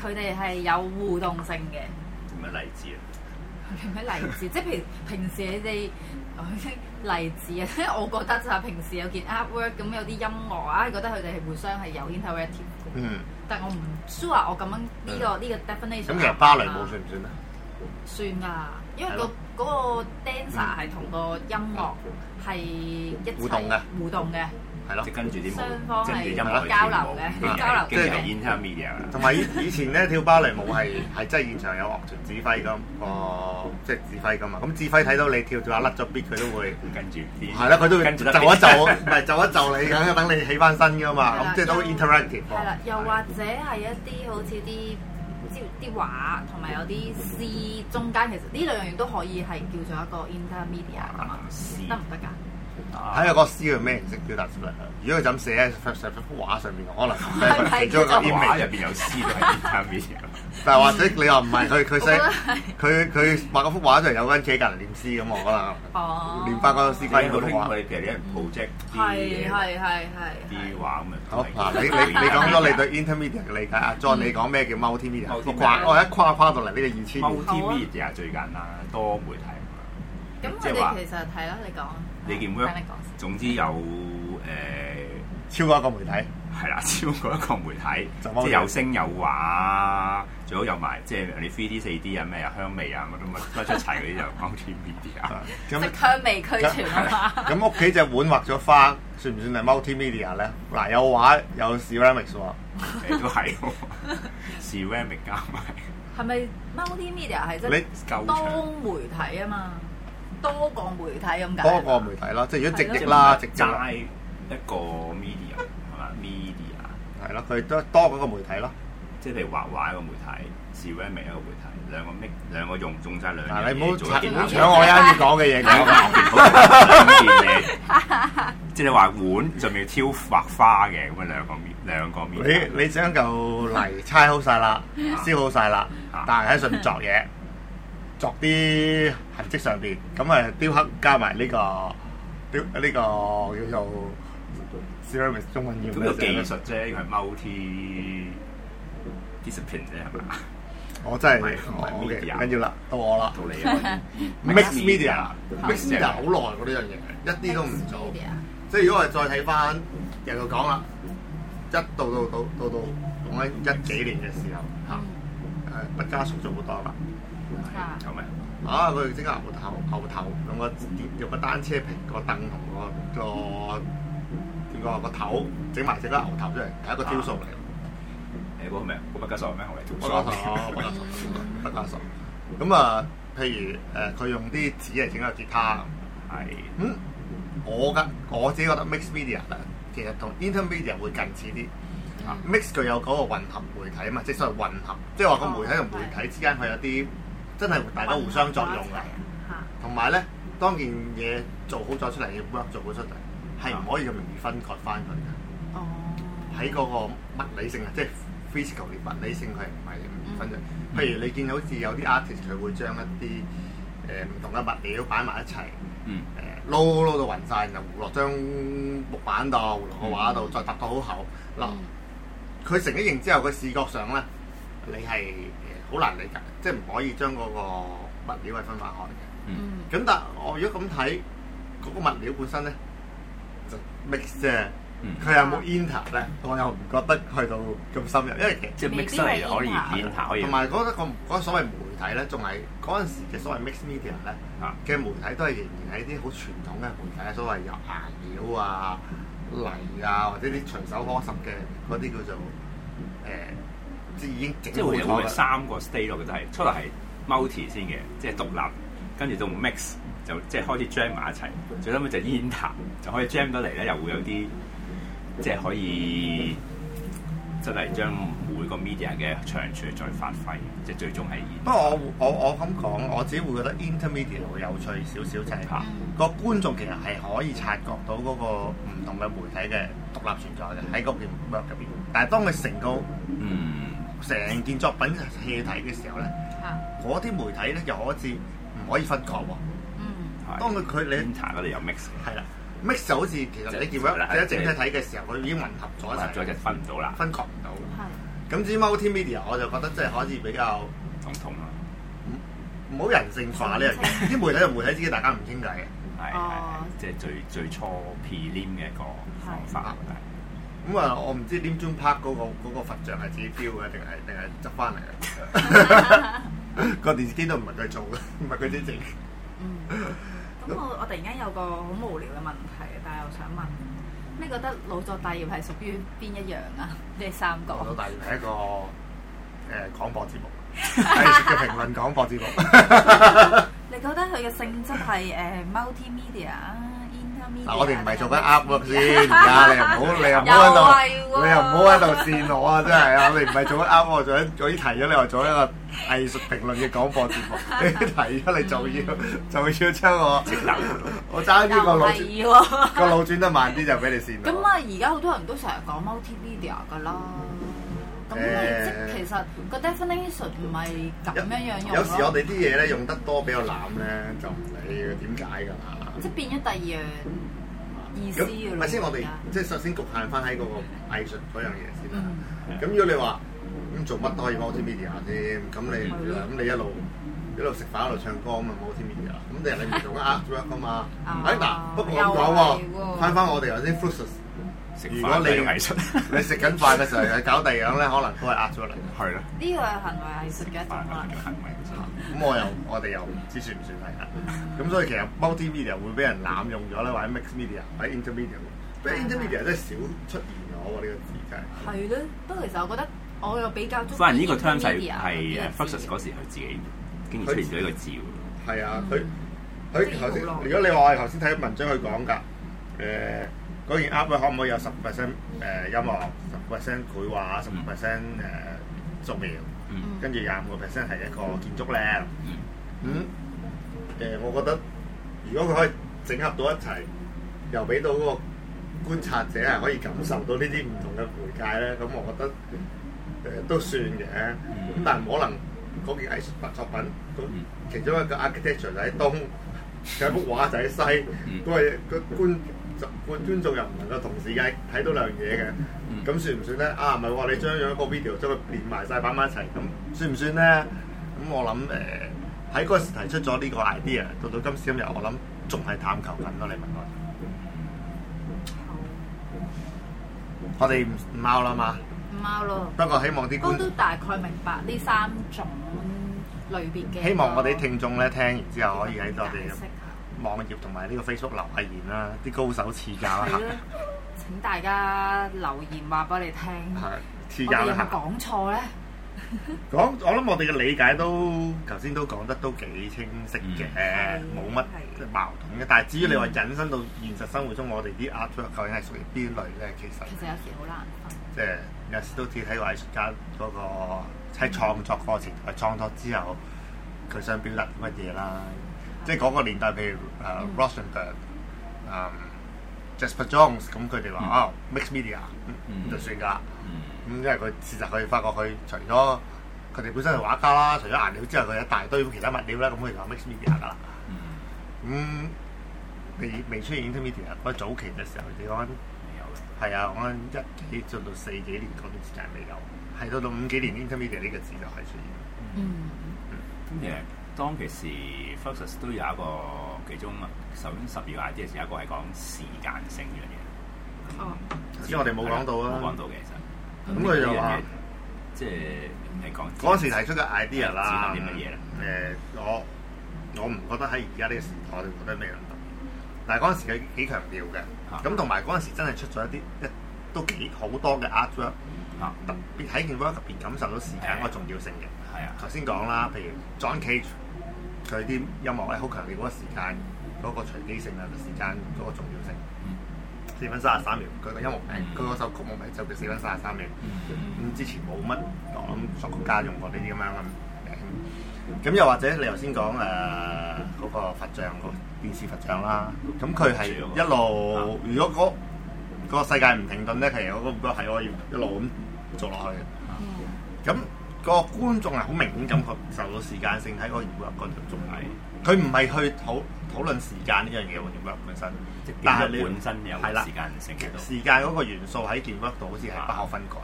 佢哋係有互動性嘅。咩例子啊？咩 例子？即係平平時你哋例子啊？即係我覺得就係平時有件 artwork 咁有啲音樂啊，覺得佢哋係互相係有 interactive 嘅。嗯。但係我唔 sure 話我咁樣呢、呢個呢、嗯、個 definition、嗯。咁其實芭蕾舞算唔算啊？算啊，因為、嗰個嗰了個 dancer 係同個音樂係一齊嘅。互動嘅。係咯，即跟住啲，即跟住音樂交流嘅，交流即係 intermedia。同埋以以前咧跳芭蕾舞係係真係現場有樂團指揮咁，哦，即係指揮咁嘛。咁指揮睇到你跳住下甩咗 beat 佢都會跟住，係啦，佢都會跟住就一就，唔係就一就你咁樣等你起翻身噶嘛，咁即係都 interactive。係啦，又或者係一啲好似啲招啲畫同埋有啲詩，中間其實呢兩樣嘢都可以係叫做一個 intermedia 噶嘛，得唔得㗎？睇下個詩係咩形式表達出嚟，如果佢咁寫喺幅畫上面，可能其中個 image 入邊有詩喺入邊。但或者你話唔係佢佢寫佢佢畫幅畫就有個人念緊詩咁啊，可能念翻個詩喺嗰度畫。佢其實啲 project 係係係係啲畫咁好，嗱你你你講咗你對 intermediate 嘅理解啊再你講咩叫 multimedia？我跨我一跨跨到嚟呢個二千。multimedia 最簡單，多媒體啊。咁我哋其實係啦，你講。你唔咩？總之有誒超過一個媒體，係啦，超過一個媒體，即係有聲有畫，最好有埋即係啲三 D 四 D 啊，咩啊，香味啊，乜都乜乜出齊嗰啲就 multimedia。即係香味俱全啊嘛！咁屋企隻碗畫咗花，算唔算係 multimedia 咧？嗱，有畫有 ceramic 喎，你都係 ceramic 加埋。係咪 multimedia 係真多媒體啊嘛？多個媒體咁解？多個媒體咯，即係如果直譯啦，直齋一個 media 係嘛？media 係咯，佢都多嗰個媒體咯，即係譬如畫畫一個媒體 d r a w 個媒體，兩個 make 兩個用，中曬兩樣嘢做一件。唔好搶我啱先講嘅嘢，講。即係你話碗仲要挑畫花嘅，咁啊兩個面兩個面。你你將嚿嚟，猜好晒啦，燒好晒啦，但係喺上面作嘢。作啲痕跡上邊，咁誒雕刻加埋呢個雕呢個叫做 ceramics 中文叫咩技術啫？佢係 multi discipline 啫係嘛？我真係跟要啦，到我啦，到你。Mix media，mix media 好耐喎呢樣嘢，一啲都唔做。即係如果我哋再睇翻，又講啦，一到到到到到講緊一幾年嘅時候，吓，誒筆加熟咗好多啦。有咩啊？佢整個牛頭牛頭，用個用個單車皮個凳，同個個點講啊？個頭整埋整個牛頭出嚟，係一個雕塑嚟。誒嗰個咩啊？嗰個雕塑係咩？我係雕塑。雕塑，雕塑，咁啊，譬如誒，佢用啲紙嚟整個吉他，係。嗯，我嘅我自己覺得 mix media 啊，其實同 intermedia 會近似啲。啊、mix 佢有嗰個混合媒體啊嘛，即係所謂混合，即係話個媒體同媒體之間佢有啲。真係大家互相作用嘅，同埋咧，當件嘢做好咗出嚟嘅 work 做好出嚟，係唔可以咁容易分割翻佢嘅。喺嗰、哦、個物理性啊，即係 physical 嘅物理性，佢係唔係咁易分嘅？嗯、譬如你見到好似有啲 artist 佢會將一啲誒唔同嘅物料擺埋一齊，誒、嗯、撈撈到暈晒，然後糊落張木板度，糊落個畫度，嗯、再搭到好厚。嗱、嗯，佢成一型之後，個視覺上咧，你係。你好難理解，即係唔可以將嗰個物料係分開嘅。咁但係我如果咁睇嗰個物料本身咧，就 mix 嘅，佢有冇 inter 咧？我又唔覺得去到咁深入，因為其實 mixing 係可以 inter，可以。同埋嗰一個嗰所謂媒體咧，仲係嗰陣時嘅所謂 mixed media 咧嘅媒體都係仍然係一啲好傳統嘅媒體，所謂有顏料啊、泥啊，或者啲隨手可拾嘅嗰啲叫做誒。即係已經即係，會有三個 state 我覺得係出嚟係 multi 先嘅，即係獨立，跟住就 mix 就即係開始 jam 埋一齊。最後尾就 inter 就可以 jam 到嚟咧，又會有啲即係可以真係、就是、將每個 media 嘅長處再發揮，即係最終係 inter。不過我我我咁講，我只會覺得 intermedia 會有趣少少、就是，就係個觀眾其實係可以察覺到嗰個唔同嘅媒體嘅獨立存在嘅喺嗰件 work 入邊。但係當佢成個嗯。成件作品嘅睇嘅時候咧，嗰啲媒體咧又好似唔可以分割喎。嗯，係。當佢佢你檢查嗰度有 mix。係啦，mix 好似其實你叫咩咧？即係睇嘅時候，佢已經混合咗一齊。再就分唔到啦。分割唔到。咁至於 multi media，我就覺得即係可以比較唔同咯。唔好人性化呢樣嘢，啲媒體就媒體自己大家唔傾偈嘅。係。即係最最初 prelim 嘅一個方法。咁啊、嗯，我唔知點鐘拍嗰個佛像係自己雕嘅定係定係執翻嚟嘅，個電視機都唔係佢做嘅，唔係佢自己。咁我我突然間有個好無聊嘅問題，但係我想問，咩覺得《腦作大業》係屬於邊一樣啊？即 係三個《腦作大業》係一個誒、呃、廣播節目，藝術嘅評論廣播節目。你覺得佢嘅性質係誒 multi-media 嗱，我哋唔係做緊噏喎，先，你又唔好，又你又唔好喺度， 你又唔好喺度扇我啊！真係啊，你唔係做緊噏我。做緊早啲提咗，你話做一個藝術評論嘅廣播節目，啲提咗，你就要就 要將我，我揸啲個腦 個腦轉得慢啲就俾你扇。咁啊，而家好多人都成日講 multimedia 㗎啦，咁、嗯、即其實個 definition 唔係咁樣樣。有時我哋啲嘢咧用得多比較濫咧，就唔理佢點解㗎啦。 即係變咗第二樣意思㗎啦。唔係先，我哋即係首先局限翻喺嗰個藝術嗰樣嘢先啦。咁、嗯嗯、如果你話咁做乜都可以玩 video 下添，咁你咁了你一路一路食飯一路唱歌咁、嗯、 啊，玩 video。咁你人裡面做緊 artwork 嘛。Oh, 哎嗱，不過講話翻翻我哋有啲 Fluxus 的如果你藝術，你食緊飯嘅時候又搞第二樣咧，可能都係呃咗嚟。係咯。呢個行為藝術嘅一 part 行為，咁我又我哋又唔知算唔算係啦。咁所以其實 multimedia 會俾人濫用咗咧，或者 mix media 或者 intermedia，不過 intermedia 真係少出現咗喎呢個字嘅。係咯，不過其實我覺得我又比較中。反而呢個 transient 係 focus 嗰時佢自己竟然出現咗呢個字喎。係啊，佢佢頭先，如果你話我係頭先睇文章佢講㗎，誒。嗰件畫咧，可唔可以有十 percent 誒音樂，十 percent 繪畫，十 percent 誒素描，呃嗯、跟住廿五個 percent 係一個建築咧？嗯，誒、嗯呃、我覺得如果佢可以整合到一齊，又俾到嗰個觀察者係可以感受到呢啲唔同嘅媒介咧，咁我覺得誒、呃、都算嘅。咁但係可能嗰件藝術作品，咁其中一個 architecture 就喺東，有幅畫就喺 西，都個個觀觀尊重人唔能夠同時間睇到兩樣嘢嘅，咁、嗯、算唔算咧？啊，唔係喎，你將一，把一樣算算、嗯呃、個 video 將佢連埋晒擺埋一齊，咁算唔算咧？咁我諗誒，喺嗰時提出咗呢個 idea，到到今時今日，我諗仲係探求緊咯、啊。你問我。嗯、我哋唔唔 out 啦嘛？唔 out 咯。不過希望啲觀眾都大概明白呢三種類別嘅。希望我哋啲聽眾咧聽完之後，可以喺我哋網頁同埋呢個 Facebook 留言啦、啊，啲高手賜教啦，了 請大家留言話俾你聽。賜教啦，嚇！ 我哋有講錯咧？講，我諗，我哋嘅理解都頭先、嗯、都講得都幾清晰嘅，冇乜、嗯、矛盾嘅。但係至於你話引申到現實生活中，嗯、我哋啲 artwork 究竟係屬於邊類咧？其實其實有時好難分，即係有時都似睇個藝術家嗰個喺創作過程，佢、mm. 創作之後佢想表達乜嘢啦。即係嗰個年代，譬如誒 Rauschenberg Jasper Johns，咁佢哋話啊 mixed media，咁、mm hmm. 嗯、就算㗎。咁、mm hmm. 因為佢事實佢發覺佢除咗佢哋本身係畫家啦，除咗顏料之外，佢有一大堆其他物料啦，咁、嗯、佢就 mixed media 㗎啦。咁、mm hmm. 嗯、未未出現 intermediate 啊？早期嘅時候，你講有㗎？係、mm hmm. 啊，我一幾做到四幾年嗰段時間未有。係到到五幾年 intermediate 呢個字就開始出現。當其時 Fluxus 都有一個其中首先十二個 idea，有一個係講時間性嘅嘢。頭先我哋冇講到啊，冇講到嘅其實。咁佢、嗯、又話，即係你講嗰陣時提出嘅 idea 啦，指明啲乜嘢啦。誒、嗯，我我唔覺得喺而家呢個時代，我哋覺得咩樣。但係嗰陣時幾強調嘅，咁同埋嗰陣時真係出咗一啲都幾好多嘅 artwork。啊！特別喺件 work 特別感受到時間嗰個重要性嘅。係啊的，頭先講啦，譬如 John Cage，佢啲音樂咧，好強烈嗰個時間嗰、嗰個隨機性啊，嗰個、時間嗰、嗰個重要性。四分三十三秒，佢個音樂，佢嗰的首曲目咪就係四分三十三秒。咁的之前冇乜講作曲家用過呢啲咁樣嘅。咁又或者你頭先講誒嗰個佛像、嗰個電視佛像啦，咁佢係一路，的如果嗰、嗰個嗰個世界唔停頓咧，其實嗰個 work 係可以一路咁。做落去咁、嗰個觀眾係好明顯感覺受到時間性喺嗰件 work 嗰度重睇，佢唔係去討討論時間呢樣嘢喎，件 work 本身，但係本身有時間性嘅。時間嗰個元素喺件 work 度好似係不可分割，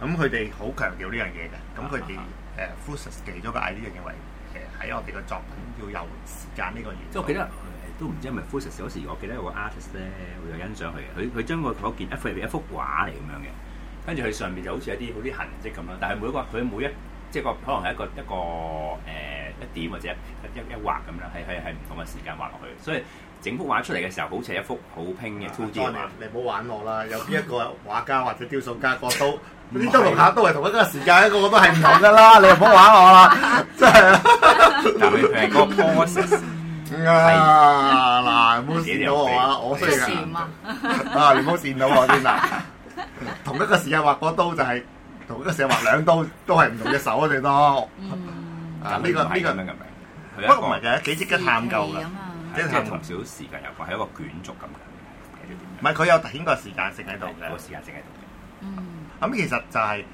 咁佢哋好強調呢樣嘢嘅。咁佢哋誒 Fluxus 記咗個 idea，認為誒喺我哋嘅作品要有時間呢個元素。我記得都唔、嗯、知係咪 Fluxus，有時我記得有個 artist 咧會有欣賞佢嘅，佢佢將佢嗰件一幅畫嚟咁樣嘅。跟住佢上面就好似一啲好啲痕跡咁樣，但係每一個佢每一即係個可能係一個一個誒一,一,一點或者一一一,畫一,一畫咁樣，係係係唔同嘅時間畫落去，所以整幅畫出嚟嘅時候，好似係一幅好拼嘅抽象畫。你唔好玩我啦！有邊一個畫家或者雕塑家個刀，你都下都係同一個時間，個個都係唔同噶啦！你唔好玩我啦，真係。 嗱、 哎，你唔好掂到我啊！我雖然啊，你唔好掂到我先嗱。 同一個時間畫嗰刀就係、是、同一個時間畫兩刀都，都係唔同嘅手啊最多。啊呢、這個呢個明唔明？樣不過唔係嘅，幾即嘅探究啦。即係同小時間有關，係一個卷軸咁樣唔係，佢有顯個時間性喺度嘅。個時間性喺度嘅。嗯。咁、嗯、其實就係、是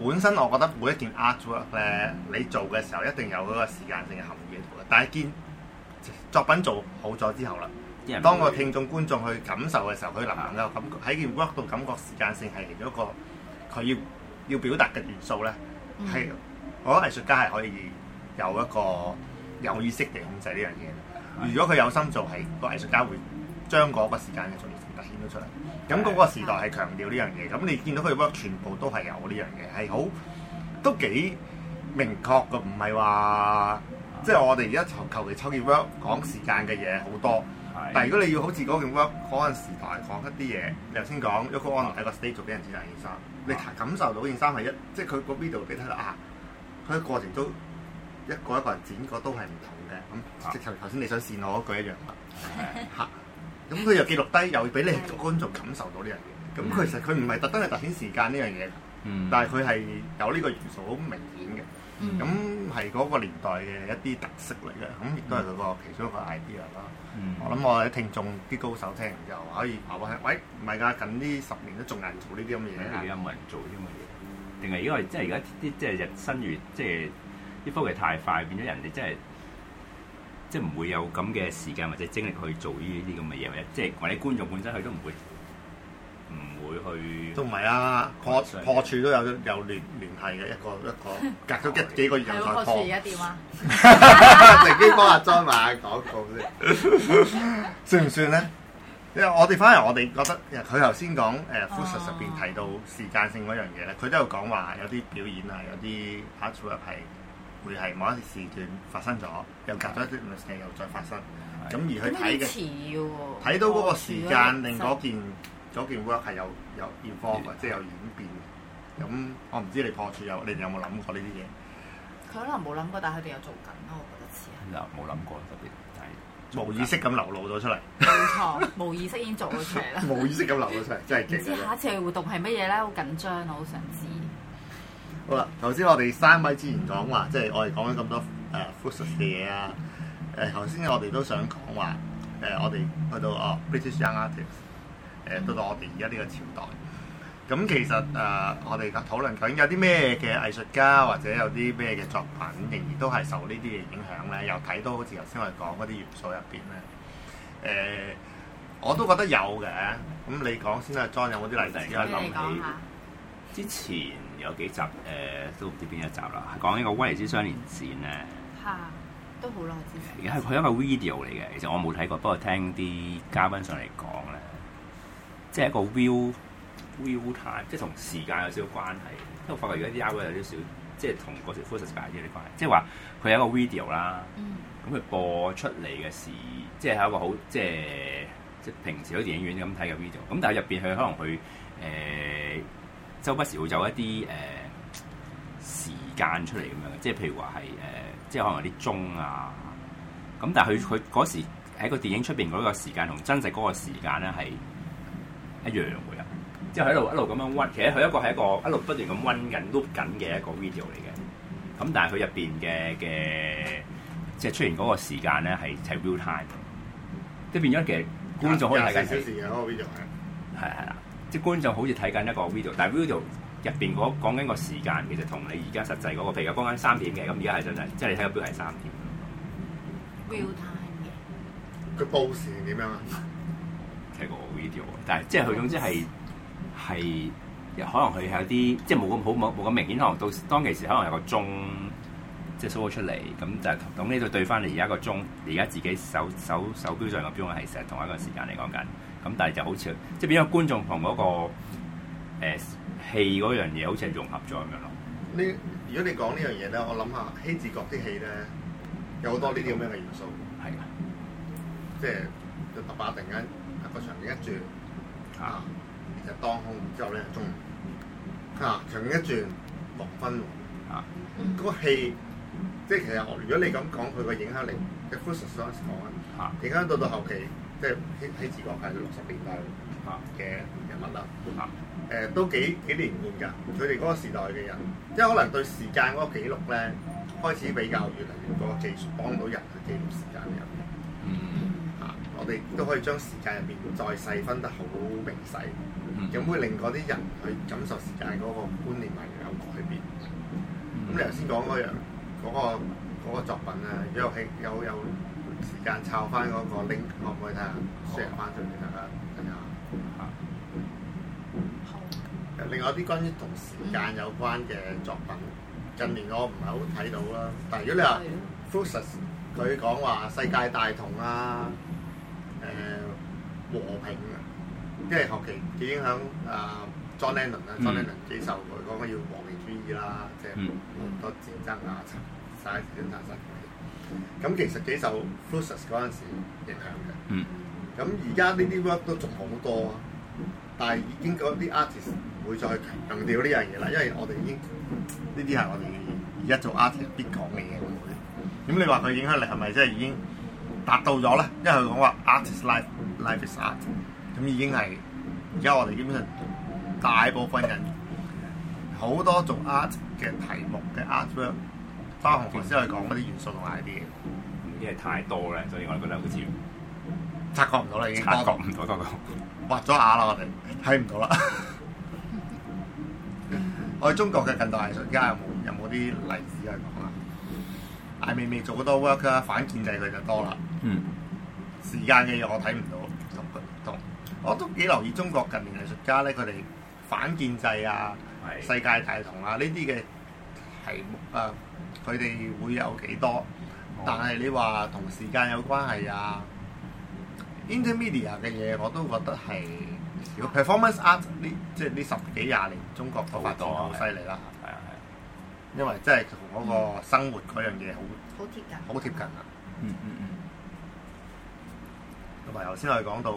嗯、本身，我覺得每一件 artwork 咧、嗯，你做嘅時候一定有嗰個時間性嘅含義喺度嘅。但係件作品做好咗之後啦。當個聽眾、觀眾去感受嘅時候，佢能唔能夠感喺件 work 度感覺時間性係一個佢要要表達嘅元素咧，係、嗯、我覺得藝術家係可以有一個有意識地控制呢樣嘢。如果佢有心做，係個藝術家會將嗰個時間嘅重要性凸顯咗出嚟。咁嗰、嗯、個時代係強調呢樣嘢，咁、嗯、你見到佢 work 全部都係有呢樣嘢，係好都幾明確嘅，唔係話即係我哋而家求其抽件 work 講時間嘅嘢好多。是但係如果你要好似嗰件 work 嗰陣時代講一啲嘢，嗯、你頭先講 Yoko Ono 喺個 stage、嗯、做俾人剪兩件衫，嗯、你感受到件衫係一即係佢個 video 俾睇到啊，佢啲過程都一個一個人剪過都係唔同嘅，咁即係頭先你想線我一句一樣啦嚇。咁、啊、佢 又記錄低，又俾你觀眾感受到呢樣嘢。咁、嗯、其實佢唔係特登係特顯時間呢樣嘢，嗯、但係佢係有呢個元素好明顯嘅。咁係嗰個年代嘅一啲特色嚟嘅，咁亦都係佢個其中一個 idea 啦。我諗我啲聽眾啲高手聽完之後可以跑翻聽，喂，唔係㗎，近呢十年都仲難做呢啲咁嘅嘢，而家冇人做呢啲咁嘅嘢，定係因為即係而家啲即係日新月，即係啲科技太快，變咗人哋真係即係唔會有咁嘅時間或者精力去做呢啲咁嘅嘢，或者即係、即係、或者觀眾本身佢都唔會。會去都唔係啊，破破處都有有聯聯繫嘅一個一個，隔咗一 幾個月又再破。而家 點啊？嚟啲哥啊，再話講個先，算唔算咧？因為我哋翻嚟，我哋覺得，佢頭先講誒 Fluxus 入邊提到時間性嗰樣嘢咧，佢、啊、都有講話有啲表演啊，有啲 actuality 係會係某一段時段發生咗，又隔咗一段時間又再發生，咁對而去睇嘅睇到嗰個時間令嗰件。嗰件 work 係有有變 form 即係有演變嘅。咁我唔知你破處有，你哋有冇諗過呢啲嘢？佢可能冇諗過，但係佢哋有做緊咯，我覺得似。嗱，冇諗過特別，但係無意識咁流露咗出嚟。冇錯，冇意識已經做咗出嚟啦。無意識咁流咗出嚟，即係～唔知下次嘅活動係乜嘢咧？好緊張，我好想知。好啦，頭先我哋三位之前講話，即係我哋講咗咁多誒 Fluxus 嘅嘢啊。誒，頭先我哋都想講話誒，我哋去到哦 British Young Artists 誒到到我哋而家呢個朝代，咁其實誒、呃、我哋討論緊有啲咩嘅藝術家或者有啲咩嘅作品仍然都係受呢啲嘅影響咧，又睇到好似頭先我哋講嗰啲元素入邊咧，誒、呃、我都覺得有嘅。咁你講先啦，莊有冇啲例證？而家諗起之前有幾集誒、呃、都唔知邊一集啦，講呢個《威尼斯雙年展》咧嚇、啊，都好耐之前。而家係佢一個 video 嚟嘅，其實我冇睇過，不過聽啲嘉賓上嚟講。即係一個 view view time，即係同時間有少少關係。因為、嗯、發覺而家啲 I G 有啲、嗯、少，即係同個時 full size 啲嘅關係。即係話佢有一個 video 啦、嗯，咁佢播出嚟嘅時，即係係一個好，即係即係平時喺電影院咁睇嘅 video。咁但係入邊佢可能佢誒周不時會有一啲誒、呃、時間出嚟咁樣，即係譬如話係誒，即係可能有啲鐘啊。咁但係佢佢嗰時喺個電影出邊嗰個時間同真實嗰個時間咧係，一樣嘅，即係喺度一路咁樣屈。其實佢一個係一個一路不斷咁溫緊碌緊嘅一個 video 嚟嘅。咁但係佢入邊嘅嘅即係出現嗰個時間咧係睇 real time，即係變咗其實觀眾可以睇緊。廿幾小時嘅嗰個 video 係係啦，即係觀眾好似睇緊一個 video，但係 video 入邊嗰講緊個時間其實同你而家實際嗰個，譬如講緊三點嘅，咁而家係真係，即係你睇個表係三點。real time 嘅。佢報時係點樣啊？睇過呢啲喎，但係即係佢總之係係可能佢有啲即係冇咁好冇冇咁明顯，可能到當其時可能有個鐘即係 show 咗出嚟，咁就等呢度對翻你而家個鐘，你而家自己手手手機上個鐘係成日同一個時間嚟講緊，咁但係就好似即係變咗觀眾同嗰、那個誒、欸、戲嗰樣嘢好似係融合咗咁樣咯。呢如果你講呢樣嘢咧，我諗下希治閣啲戲咧有好多呢啲咁樣嘅元素，係啊的，即係突突然間。個場景一轉，啊，就當空，之後咧中，啊，場景一轉六分，啊，嗰個氣，即係其實我如果你咁講佢個影響力，The First Source 講啊，影響到到後期，即係喺喺自國界六十年代嘅人物啦，誒、啊啊呃、都幾幾年半㗎，佢哋嗰個時代嘅人，即係可能對時間嗰個記錄咧，開始比較越嚟越多技術幫到人去記錄時間嘅人。嗯。我哋都可以將時間入邊再細分得好明細，咁、mm hmm. 會令嗰啲人去感受時間嗰個觀念，咪有改變。咁、mm hmm. 你頭先講嗰樣嗰、嗰個嗰個作品咧，如果係有有，有時間抄翻嗰個 link，可唔可以睇下 share 翻俾大家？睇下 Okay. 啊，好。另外一啲關於同時間有關嘅作品，mm hmm. 近年我唔係好睇到啦。但係如果你話 Fluxus，佢講話世界大同啦、啊。誒，和平啊！因為後期幾影響啊，John Lennon 啦、嗯、，John Lennon 幾受佢講緊要和平主義啦、啊，嗯、即係好多戰爭啊，殘曬戰爭殘餘。咁其實幾受 Fluxus 嗰陣時影響嘅。咁而家呢啲 work 都仲好多啊，但係已經嗰啲 artist 唔會再強調呢樣嘢啦，因為我哋已經呢啲係我哋而家做 artist 必講嘅嘢咁樣。咁、嗯、你話佢影響力係咪真係已經？達到咗咧，因為佢講話 art is life, life is art，咁已經係而家我哋基本上大部分人好多做 art 嘅題目嘅 artwork 翻學頭先係講嗰啲元素同埋啲嘢。因為太多啦，所以我哋覺得好似察覺唔到啦，已經察覺唔到，多講畫咗眼啦，我哋睇唔到啦。 我哋中國嘅近代藝術家有冇有冇啲例子喺大未未做好多 work 啦，反建制佢就多啦。嗯、時間嘅嘢我睇唔到，同同、嗯、我都幾留意中國近年藝術家咧，佢哋反建制啊、是世界大同啊呢啲嘅題目啊，佢哋、呃、會有幾多？哦、但係你話同時間有關係啊、哦？Intermedia 嘅嘢我都覺得係，如果 performance art 呢，即係呢十幾廿年中國嘅發展好犀利啦。因為真係同嗰個生活嗰樣嘢好，好貼㗎，好貼近啊、嗯！嗯嗯嗯。同埋頭先我哋講到，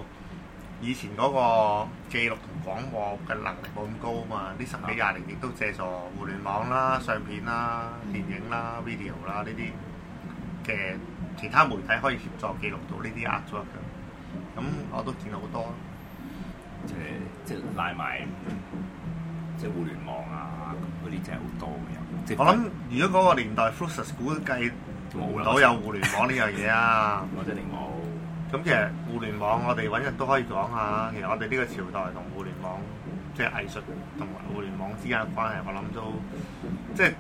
以前嗰個記錄同廣播嘅能力冇咁高啊嘛，呢十幾廿年亦都借助互聯網啦、相片啦、電影啦、video 啦呢啲嘅其他媒體可以協助記錄到呢啲 a 咗 c h 咁我都見好多、嗯即，即係即係拉埋即係互聯網啊嗰啲真係好多咁我諗，如果嗰個年代， 估計冇到有互聯網呢樣嘢啊！或者你冇。咁其實互聯網，我哋搵日都可以講下。其實我哋呢個朝代同互聯網，即係藝術同互聯網之間嘅關係，我諗都即係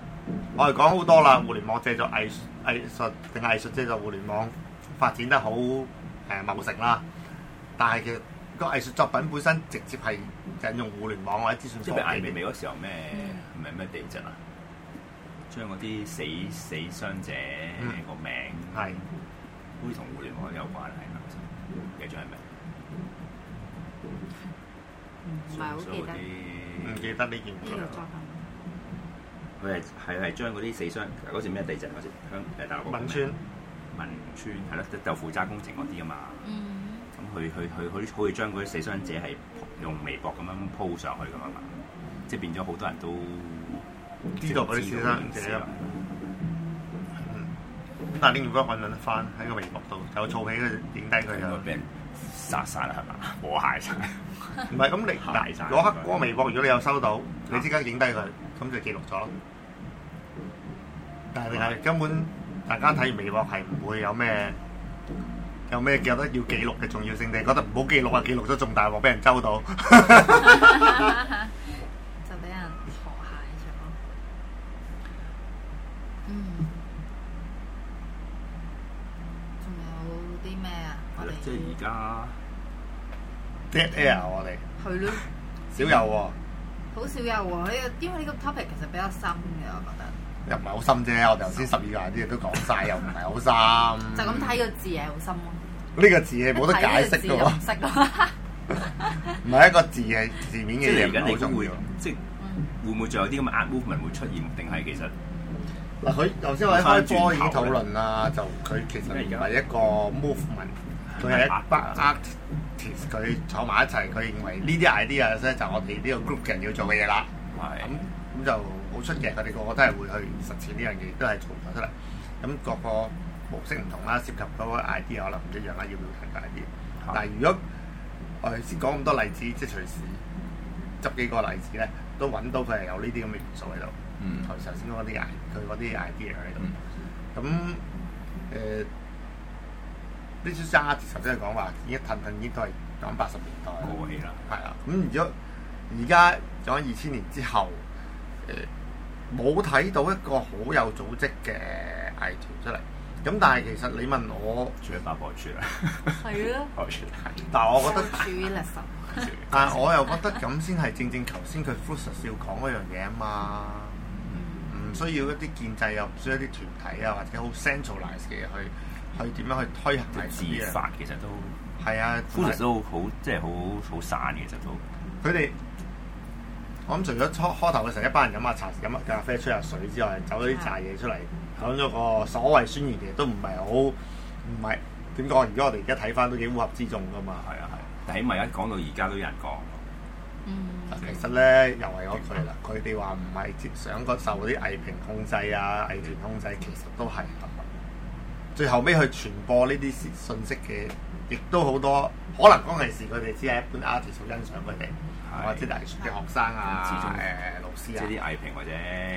我哋講好多啦。互聯網借咗藝藝術定藝術借咗互聯網發展得好誒、呃、茂盛啦。但係其實個藝術作品本身直接係用互聯網或者資訊科技。即係艾未未嗰時候咩？唔係咩地質啊？將嗰啲死死傷者個名係好似同互聯網有關係，唔記得係咪？唔係好記得。唔記得呢件？呢佢係係係將嗰啲死傷嗰時咩地震嗰時香大陸。汶川村。汶川係咯，就負責工程嗰啲㗎嘛。咁佢佢佢佢，好似將嗰啲死傷者係用微博咁樣 po 上去㗎嘛，即係變咗好多人都。知道嗰啲先生，謝你啦。嗯，但係你如果揾揾得翻喺個微博度，就儲起佢，影低佢就俾人殺殺啦，係嘛？和諧曬，唔係咁你攞黑個微博，如果你有收到，你即刻影低佢，咁就記錄咗。但係你係根本大家睇微博係唔會有咩有咩記得要記錄嘅重要性，你覺得唔好記錄啊？記錄咗仲大鑊俾人揪到。啊！Dead air，我哋去咯，少有喎，好少有喎。呢個因為呢個 topic 其實比較深嘅，我覺得又唔係好深啫。我哋頭先十二個人啲嘢都講晒，又唔係好深。就咁睇個字係好深咯。呢個字係冇得解釋嘅喎，唔係一個字，係字面嘅嘢嚟緊。你會唔會即係會唔會仲有啲咁嘅暗 movement 會出現？定係其實嗱，佢頭先我一開波已經討論啦，就佢其實係一個 movement。佢係一班 artist，佢坐埋一齊，佢認為呢啲 idea 咧就我哋呢個 group 嘅人要做嘅嘢啦。係。咁咁就好出奇，佢哋個個都係會去實踐呢樣嘢，都係做咗出嚟。咁各個模式唔同啦，涉及到個 idea 可能唔一樣啦，要唔要睇大啲。但係如果我哋先講咁多例子，即係隨時執幾個例子咧，都揾到佢係有呢啲咁嘅元素喺度。嗯。同頭先嗰啲 idea，佢嗰啲 idea 喺度。嗯。咁誒。啲先生頭先講話，依家騰騰已經都係講八十年代過氣啦。係啊，咁而家而家講二千年之後，誒冇睇到一個好有組織嘅藝團出嚟。咁但係其實你問我，住喺八婆住啦，係咯的，但係我覺得， 但係我又覺得咁先係正正頭先佢 Fluxus 要講嗰樣嘢啊嘛，唔、嗯嗯、需要一啲建制又唔需要一啲團體啊，或者好 c e n t r a l i z e d 嘅去。佢點樣去推行嚟？其實都係啊，其實都好即係好好散，其實都佢哋我諗，除咗初開頭嘅時候一班人飲下茶、飲下咖啡、吹下水之外，走咗啲茶嘢出嚟，講咗、啊、個所謂宣言，其實都唔係好，唔係點講？如果我哋而家睇翻都幾烏合之眾㗎嘛。係啊係，但係起碼一講到而家都有人講。嗯、其實咧又係我佢啦，佢哋話唔係想個受啲藝評控制啊、藝團控制，其實都係最後尾去傳播呢啲信息嘅，亦都好多可能嗰陣時佢哋只係一本 artist 欣賞佢哋，或者係嘅學生啊、誒老師啊，即係啲藝評或者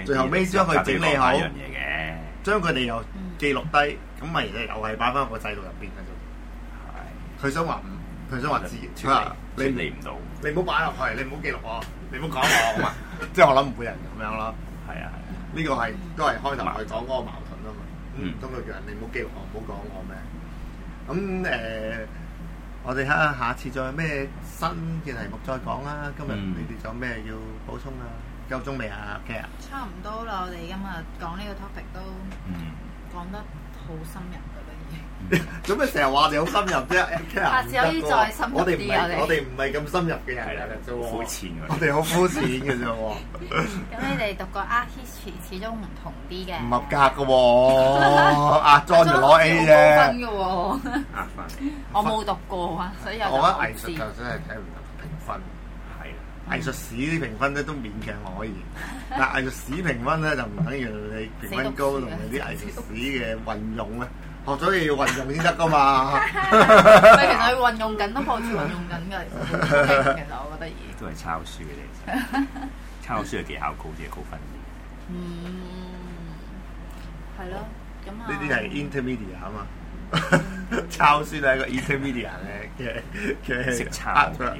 最後尾將佢整理好，將佢哋又記錄低，咁咪又係擺翻個制度入邊繼續。係。佢想話唔，佢想話唔，處理唔到。你唔好擺落去，你唔好記錄我，你唔好講我，好嘛？即係我諗唔會人咁樣咯。係啊，係啊。呢個係都係開頭我哋講嗰個矛盾。嗯，今日楊，你唔好記我，唔好講我咩。咁、嗯、誒、呃，我哋下下次再有咩新嘅題目再講啦。今日你哋仲有咩要補充啊？夠鐘未啊？OK 啊？差唔多啦，我哋今日講呢個 topic 都講、嗯、得好深入。做咩成日話我哋好深入啫？下次可以再深入啲，我哋唔係咁深入嘅人嚟嘅啫喎，我哋好膚淺嘅啫喎。咁你哋讀過 Art History 始終唔同啲嘅，唔合格嘅喎。阿 John 就攞 A 啫，我冇讀過啊，所以我覺得藝術就真係睇唔到評分，係啊，藝術史啲評分咧都勉強可以。但藝術史評分咧就唔等於你評分高同埋啲藝術史嘅運用啊。學咗嘢要運用先得噶嘛。 其？其實佢運用緊都好似運用緊嘅，其實我覺得亦都係抄書嘅，抄書嘅技巧高啲，高、啊、分、啊。嗯，係咯，咁啊呢啲係 intermediate 啊嘛，抄書係一個 intermediate 咧，識抄咗。係嘅，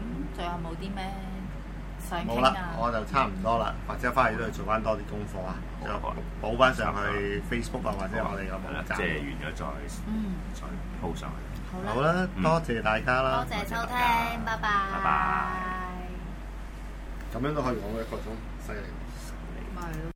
嗯，仲有冇啲咩？冇啦，我就差唔多啦，或者翻去都要做翻多啲功課啊，再補翻上去 Facebook 啊，或者我哋個網站。借完咗再嗯，再鋪上去。好啦，多謝大家啦，多謝收聽，拜拜。拜拜。咁樣都可以講一個鐘，犀利。